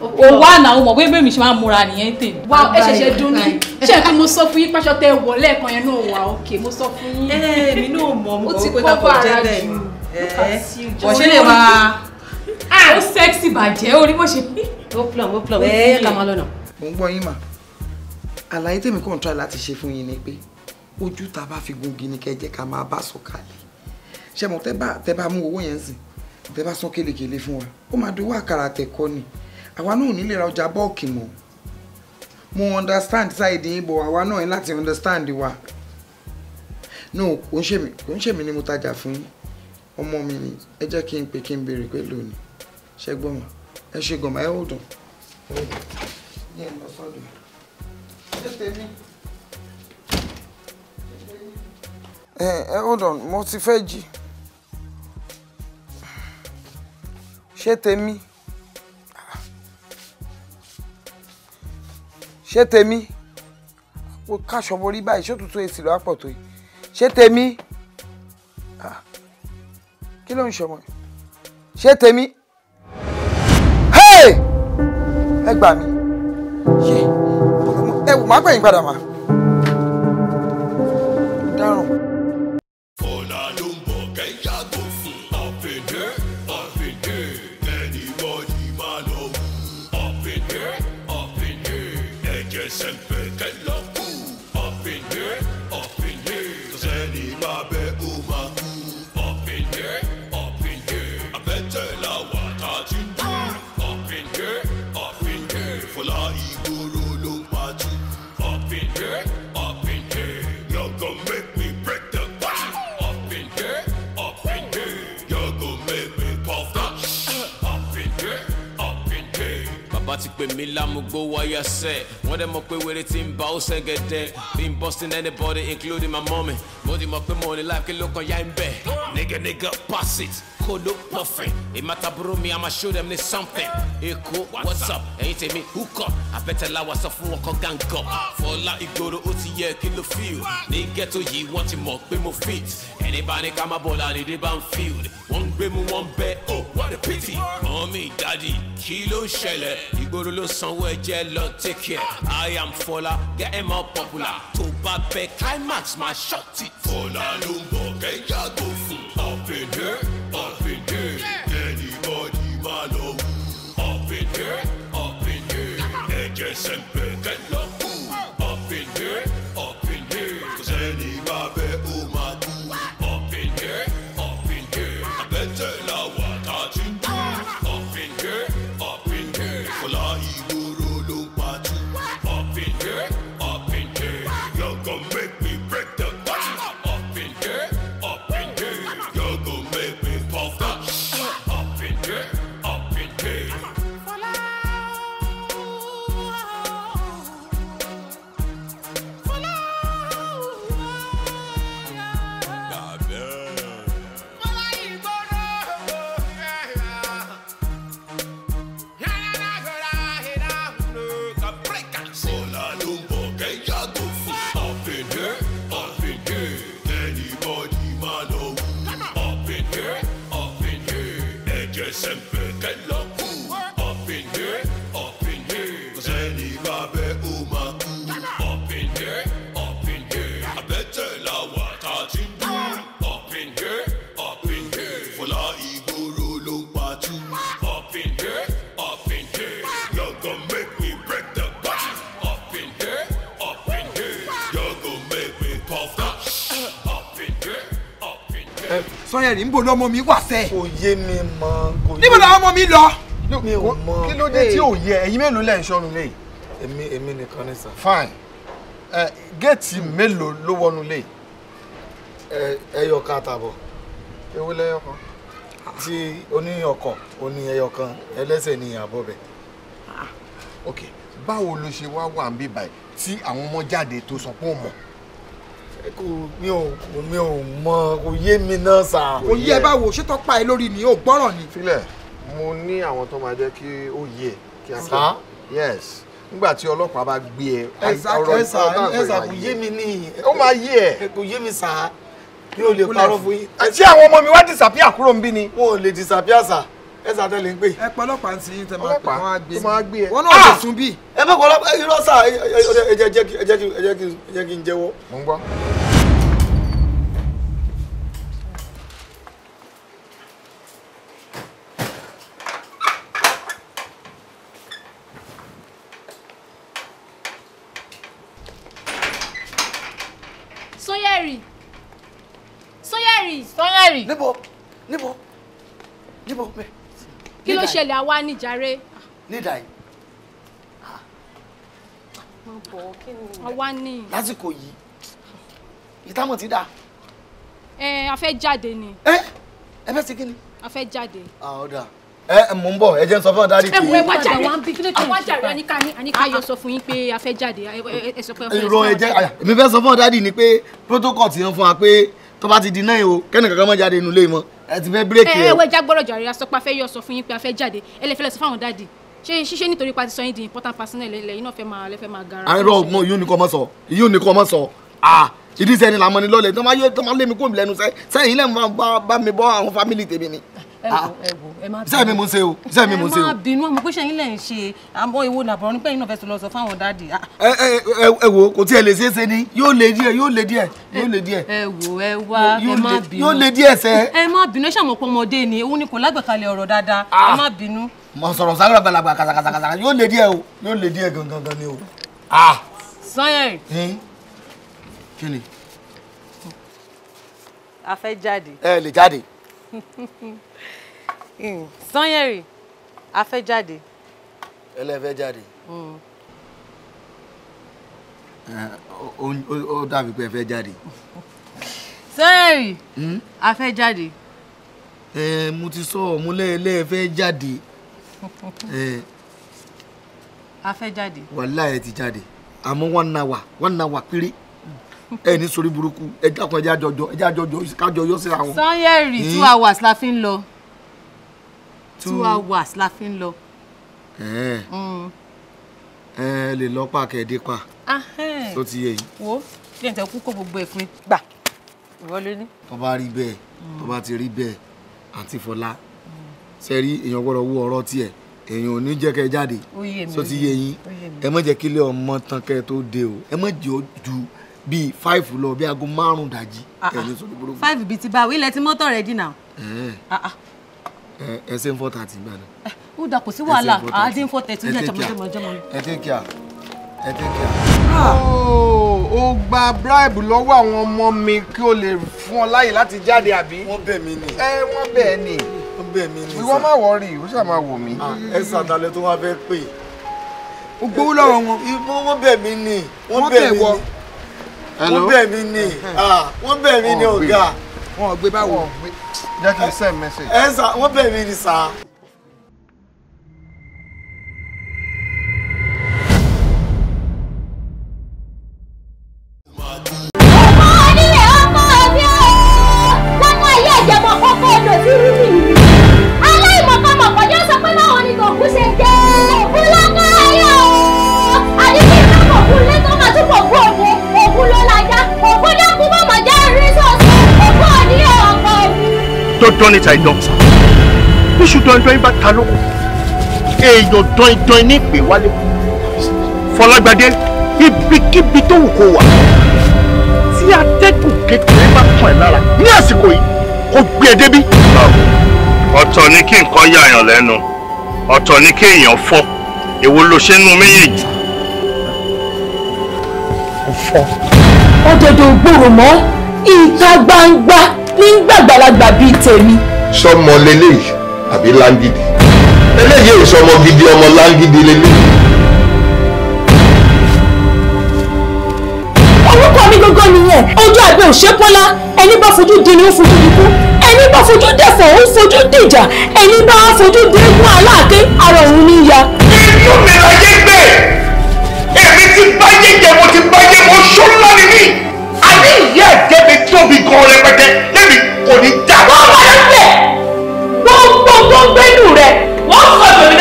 o wa na o mọ bẹ́ẹ̀ bẹ́ẹ̀ mi ṣe máa múra nìyẹn tè. wa ẹ ṣẹ̀ṣẹ̀ dun ní ṣe pé mo sọ fún yín pàṣọ tẹ wọ lẹ́ẹ̀kan yẹn náà wà òkè mo sọ fún yín. ẹ eh, ẹ mi náà mọ mo kò pé kakọ jẹ bẹ́ẹ̀ wọ́n eh, ṣe lè máa. Ah! ó sẹ́ksì bàjẹ́ orí bó ṣe. ó plum ó plum ẹ kà máa lọ́nà. mo ń gbọ́ yín mà àlàyé tèmi kàn try láti ṣe fún yín ni pé ojú tá a bá fi gungi ni kẹ́ jẹ́ ká máa bá sọ̀kalẹ̀ ṣé mo tẹ́ bá mú owó yẹn sìn tẹ́ bá sọ kélekèle fún wa ó máa dowó àkàrà àtẹ̀kọ́ ni àwa náà ò ní ra ọjà bọ́ọ̀kì mọ́ mo understand side yín bọ̀ àwa náà yín láti understand wa no kò ń ṣèmi ni mo tajà fún ọmọ mi ni ẹ jẹ́ kí n pè kí n béèrè pé lónìí ṣe gbọ́ mi ẹ ṣe gọ̀mọ̀ ẹ ó dùn ní ẹ lọ sọ́dọ̀ ṣé tèmi. ẹ ẹ hold on mo ti fẹ́ jì ṣé tèmi ṣé tèmi o káṣọ borí báyìí ṣé òtútù èsì lọ́wọ́ pọ̀ tó yìí ṣé tèmi ah, kí ló ń ṣọmọ ṣé tèmi. ẹ gbà mí yé ẹ wò má gbẹ̀yìn padà mà dárùn. pè mí lámúgbó wáyà sẹ́ wọ́n dẹ̀ mọ̀ pé wèrè ti ń bá ó sẹ́gẹ̀dẹ̀ been busting anybody including my mommy mo ti mọ̀ pé mo ní láìpẹ́ ló kàn yá ń nigga nigga pass it puffing. ló puffin bro, mi i'ma show them this something èkó what's up ẹ̀yin tèmi hook up àbẹ̀tẹ̀lá wa sọ fún wọn kọ́ gàǹgọ̀ fọlá ìgboro ó ti yẹ kí ló feel ní ghetto yìí wọ́n ti mọ̀ pé mo fit ẹni bá ní ká má bọ̀ láàrin dé bá ń field wọ́n ń gbé mu wọ́n ń ó. the pity. Mommy, daddy, kilo ló ń ṣẹlẹ̀? Ìgboro ló sanwó ẹ̀jẹ̀ lọ take care. I am Fola, get him up popular. Tó bá bẹ climax, máa ṣọ́ọ̀tì. Fola ló ń bọ̀ kẹ́yà tó fún ọ̀pẹ̀lẹ̀. kábẹ́ ó máa kú. up in here up in here abẹ́tẹ̀ la wà tá a ti up in here up in here Fọlá Ìgboro ló ń patú. up in here up in here you go make me break the back. up in here up in here you go make me puff that. up in here up in here. Eh, Sanyẹ̀rì ń bò lọ́mọ mi wà sẹ́ẹ̀. kò yé mi mọ́. níbo làwọn ọmọ mi lọ. mi ò mọ kí ló dé tí ò yẹ ẹ̀yin mélòó lẹ́ ń sọnù lẹ́yìn èmi èmi nìkan ni sà. fine ẹ géètì mélòó ló wọnú lé. ẹ ẹyọ kan àtàbọ̀. ewu lẹyọ kan. tí oníyọkọ oní ẹyọ kan ẹlẹ́sẹ̀ ni àbọ̀ bẹ̀. ok báwo ló ṣe wá wà ń bí báyìí tí àwọn ọmọ jáde tó sọ pé ó mọ̀ kò mi ò mi ò mọ kò yé mi náà sà. kò yé ẹ báwo ṣé tọ́pa ẹ lórí ni ò gbọ́ràn ni. filẹ̀ mo ní àwọn tó máa jẹ́ kí ó yé kí a kọ́ yes nígbà tí ọlọ́pàá bá gbé ẹ. ẹ̀sà ẹ̀sà ẹ̀sà kò yé mi ní. ó máa yé ẹ. kò yé mi sà mi ò lè parọ́ fún yín. àti àwọn ọmọ mi wá disappear kúrò ń bí ni. wọn ò lè disappear sà ẹ̀sà tẹ̀lé ń pè. ẹ pẹ́ ọlọ́pàá ń sìn tẹ́ máa pè wọ́n á gbé ẹ. wọ́n náà lè ah! sun bí. ẹ fẹ́ pọ̀ ọlọ́pàá irọ́ sà ẹ jẹ́ kí n jẹ́wọ́. mo ń gbọ́. Jerry. níbo níbo níbo bẹ. kí ló ṣẹlẹ̀ àwa níjàre. nídà yìí. àwa ni. lásìkò yìí ìtàmọ̀ ti dà. ẹ a fẹ́ jáde ni. ẹ ẹ fẹ́ ṣe kí ni. a fẹ́ jáde. ọ̀dà ẹ mò ń bọ̀ ẹ jẹ́ n sọ fún ọ̀dà rí. ẹ mú ẹ wá jàre àwọn àjàre àníkà àníkà yọ sọ fún yín pé a fẹ́ jáde ẹ sọ pé. ìrọ̀ ẹ jẹ́ èmi fẹ́ sọ fún ọ̀dà rí ni pé protocol ti hàn fún wa pé tó bá ti di náà o kẹ́nì kankan mọ́ jáde inú ilé mọ́ ẹ ti fẹ́ bírèkì rẹ. ẹ ẹ wẹ́jà gbọ́dọ̀ jàre aṣọ pa fẹ́ yọ sọ fún yín pé a fẹ́ jáde ẹ lè fẹ́ lọ sọ fáwọn dáàdì ṣé ṣíṣe nítorí pa ti sọ yín di important personnel lẹ́lẹ̀ yín náà fẹ́ máa lẹ́fẹ́ máa gara. àìrọ ọgbọ́n yóò ní kọ́ mọ́ sọ yóò ní kọ́ mọ́ sọ ah ìdí sẹ́ni làmọ́ni lọ́lẹ̀ tó máa lé mi kó lẹ́nu sẹ́yìn lẹ́nu bá mi bọ́ àwọn fámìlì tèmi ni. Ah. ṣé mi mo ń ṣe o ṣé mi mo ń ṣe o. ẹ má bínú ọmọ pé ṣẹyìn lẹ ń ṣe àmọ́ ìwo làbọrọ nípa ẹ̀yin náà fẹsẹ lọ sọ fáwọn dáàdì. Ah. ẹ ẹ ẹ wo kò tiẹ̀ lè ṣeé ṣe ni yóò lè díẹ̀ yóò lè díẹ̀ yóò lè díẹ̀. ẹ wo ẹ wá ẹ má bínú yóò lè díẹ̀ sẹ. ẹ má bínú ẹ ṣàmùpọ̀ ọmọdé ni òun ni kò lágbèkalẹ̀ ọ̀rọ̀ dáadáa ẹ ah. má bínú. mo sọ̀rọ̀ sáré balaba kàtàkàtàkàtà yóò lè díẹ̀ o yóò lè díẹ̀ gangan gan ni o. sanyẹn. a fẹ́ jáde. ẹ lè jáde. Mm. Sanyeri a fẹ́ jáde. ẹlẹ́fẹ́ jáde. Mm. ó dàbí pé ẹ fẹ́ jáde. Sanyeri mm. a fẹ́ jáde. ẹ mo ti sọ ọ mo lẹ́ẹ̀lẹ́ fẹ́ jáde. a fẹ́ jáde. wàhálà ẹ ti jáde àmọ́ one hour one hour péré ẹ ní sori burúkú ẹ dákun ẹ jẹ́ àjọjọ ẹ jẹ́ àjọjọ kájọ yọ síra wọn. Sanyeri two hours la fi ń lọ two hours la fi ń lọ. ẹ mm. ẹ lè lọ pa kẹ̀dé pa tó ti yẹ yìí. wo bí ẹ̀ ń tẹ́ kú kó gbogbo ẹ̀ fún mi gbà ìwọ ní. tó bá rí bẹ́ẹ̀ tó bá ti rí bẹ́ẹ̀ àǹtí Fọlá mm. ṣe rí èèyàn gbọ́dọ̀ wú ọ̀rọ̀ tiẹ̀ èèyàn ò ní jẹ́ kẹ́ jáde tó ti yẹ yín ẹ má jẹ́ kílẹ̀ ọmọ tán kẹ́ tó dé o ẹ má jẹ́ ojú bíi five lọ bíi aago márùn-ún dájí. Ah, ah. five bíi ti báwo ilẹ̀ tí mọ́tò rẹ̀ dì náà ẹ ṣe ń four thirty gbà náà. Eh, ó dà kò sí wàhálà àá dín four thirty ó jẹ́ ẹ tẹ́ kíá ẹ tẹ́ kíá. ó gba bribe lọ́wọ́ àwọn ọmọ mi kí o lè fún ọ láyè láti jáde àbí. wọ́n bẹ̀ mí ni. ẹ eh, wọ́n bẹ̀ ni. wọ́n bẹ̀ mí ni. ìwọ má wọrí ó ṣáà máa wò mí. Ah, ẹ ṣàtàlẹ̀ tó wá fẹ́ pè. ó gbowó lọ́wọ́ wọn. ìbò wọ́n bẹ̀ mí ni. wọ́n bẹ̀ mí ni. wọ́n bẹ̀ mí ni ọ̀gá wọn ò gbé báwo. jẹ́ kí n send message. ẹ sà wọ́n bẹ̀ mí ni sà. èèyàn dọ́ndọ́n ní ìpè wálé Fọlágbadé ibikíbi tó wù kó wà tí atẹ́gùn kékeré bá kàn ẹ́ lára ní àsìkò yìí kó gbé ẹ e débí. ọ̀tọ̀ ni kí nǹkan yààyàn lẹ́nu ọ̀tọ̀ ni kí èèyàn fọ́ èwo ló ṣe nú méjèèjì. ọ̀dọ̀dọ̀ gbòòrò mọ́ ìta gbangba ní gbàgbàlagbà bíi tèmi. sọmọ lélẹ́yìí àbí láńdìdì eléyìí ò sọmọ gidi ọmọ láńgídí lélẹ́. orúkọ mi gbogbo nìyẹn ojú àgbẹ̀ òṣèpọ́lá ẹni bá fojú di ni ó fojú dikú ẹni bá fojú dẹ̀fọ̀ ó fojú dìjà ẹni bá fojú dégún aláàké ara òun ní ya. inú mi la yé gbé èmi ti bá yé jẹ mo ti bá mo ṣó ni mí àní ìyá ẹ̀jẹ̀ mi tóbi gan rẹpẹtẹ lẹ́mi kò ní já. wọ́n wá lọ́pẹ̀ gbogbo gbogbo inú rẹ̀ wọ́n sọ ìbẹ̀mí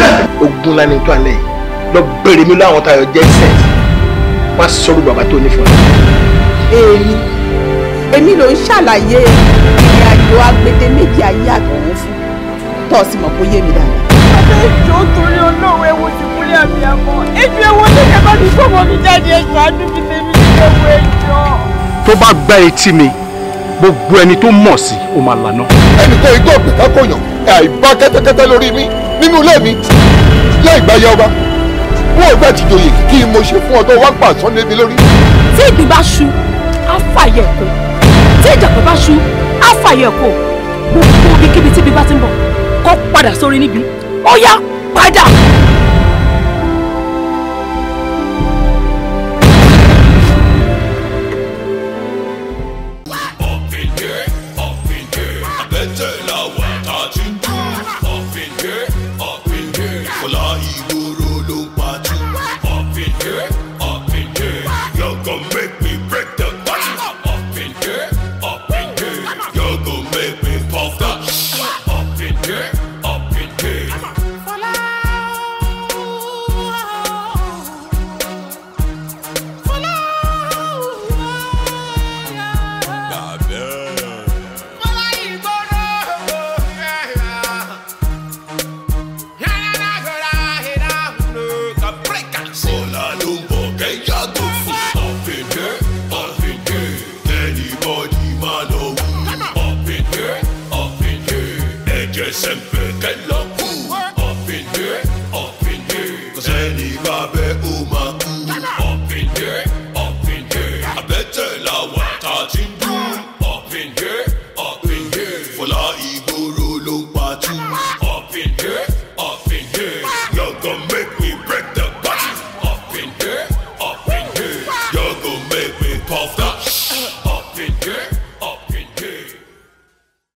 lẹ́yìn. ogun lani tó alẹ́ yìí lọ bèrè mi láwọn tayọ jẹ́ sẹ́ẹ̀tì wọ́n á sọ̀rọ̀ bàbá tó ní fún ẹ. èmi èmi ló ń ṣàlàyé ìrìn àjò agbede méjì ayé àtọ̀wọ́ fún tọ́ ọ sì mọ̀ bóyá èmi dáadáa. àti ìjọ torí olóòwe wo ti kúlẹ̀ àmì àmọ́ èmi ẹ̀wọ̀n ní kẹ́kọ̀ọ́ ní kọ́mọ mi jáde ẹ̀jọ̀ àdúgbò tèmi ní ẹ̀wọ̀ ẹ̀jọ̀. tó bá gbá etí mi gbogbo ẹni tó mọ̀ sí ó máa lànà. ẹnì kan igbó àìgbá kẹ́tẹ́kẹ́tẹ́ lórí mi nínú ilé mi láì gba ya ọba wọn ò gbà tìjòyè kí mo ṣe fún ọdọ wá pàṣọ lébi lórí. tí ìgbín bá ṣu á fàyẹ̀ kó tí ìjàpá bá ṣu á fàyẹ̀ kó gbogbo ibikíbi tí ibi bá ti ń bọ̀ kó padà sórí níbi ó yá padà.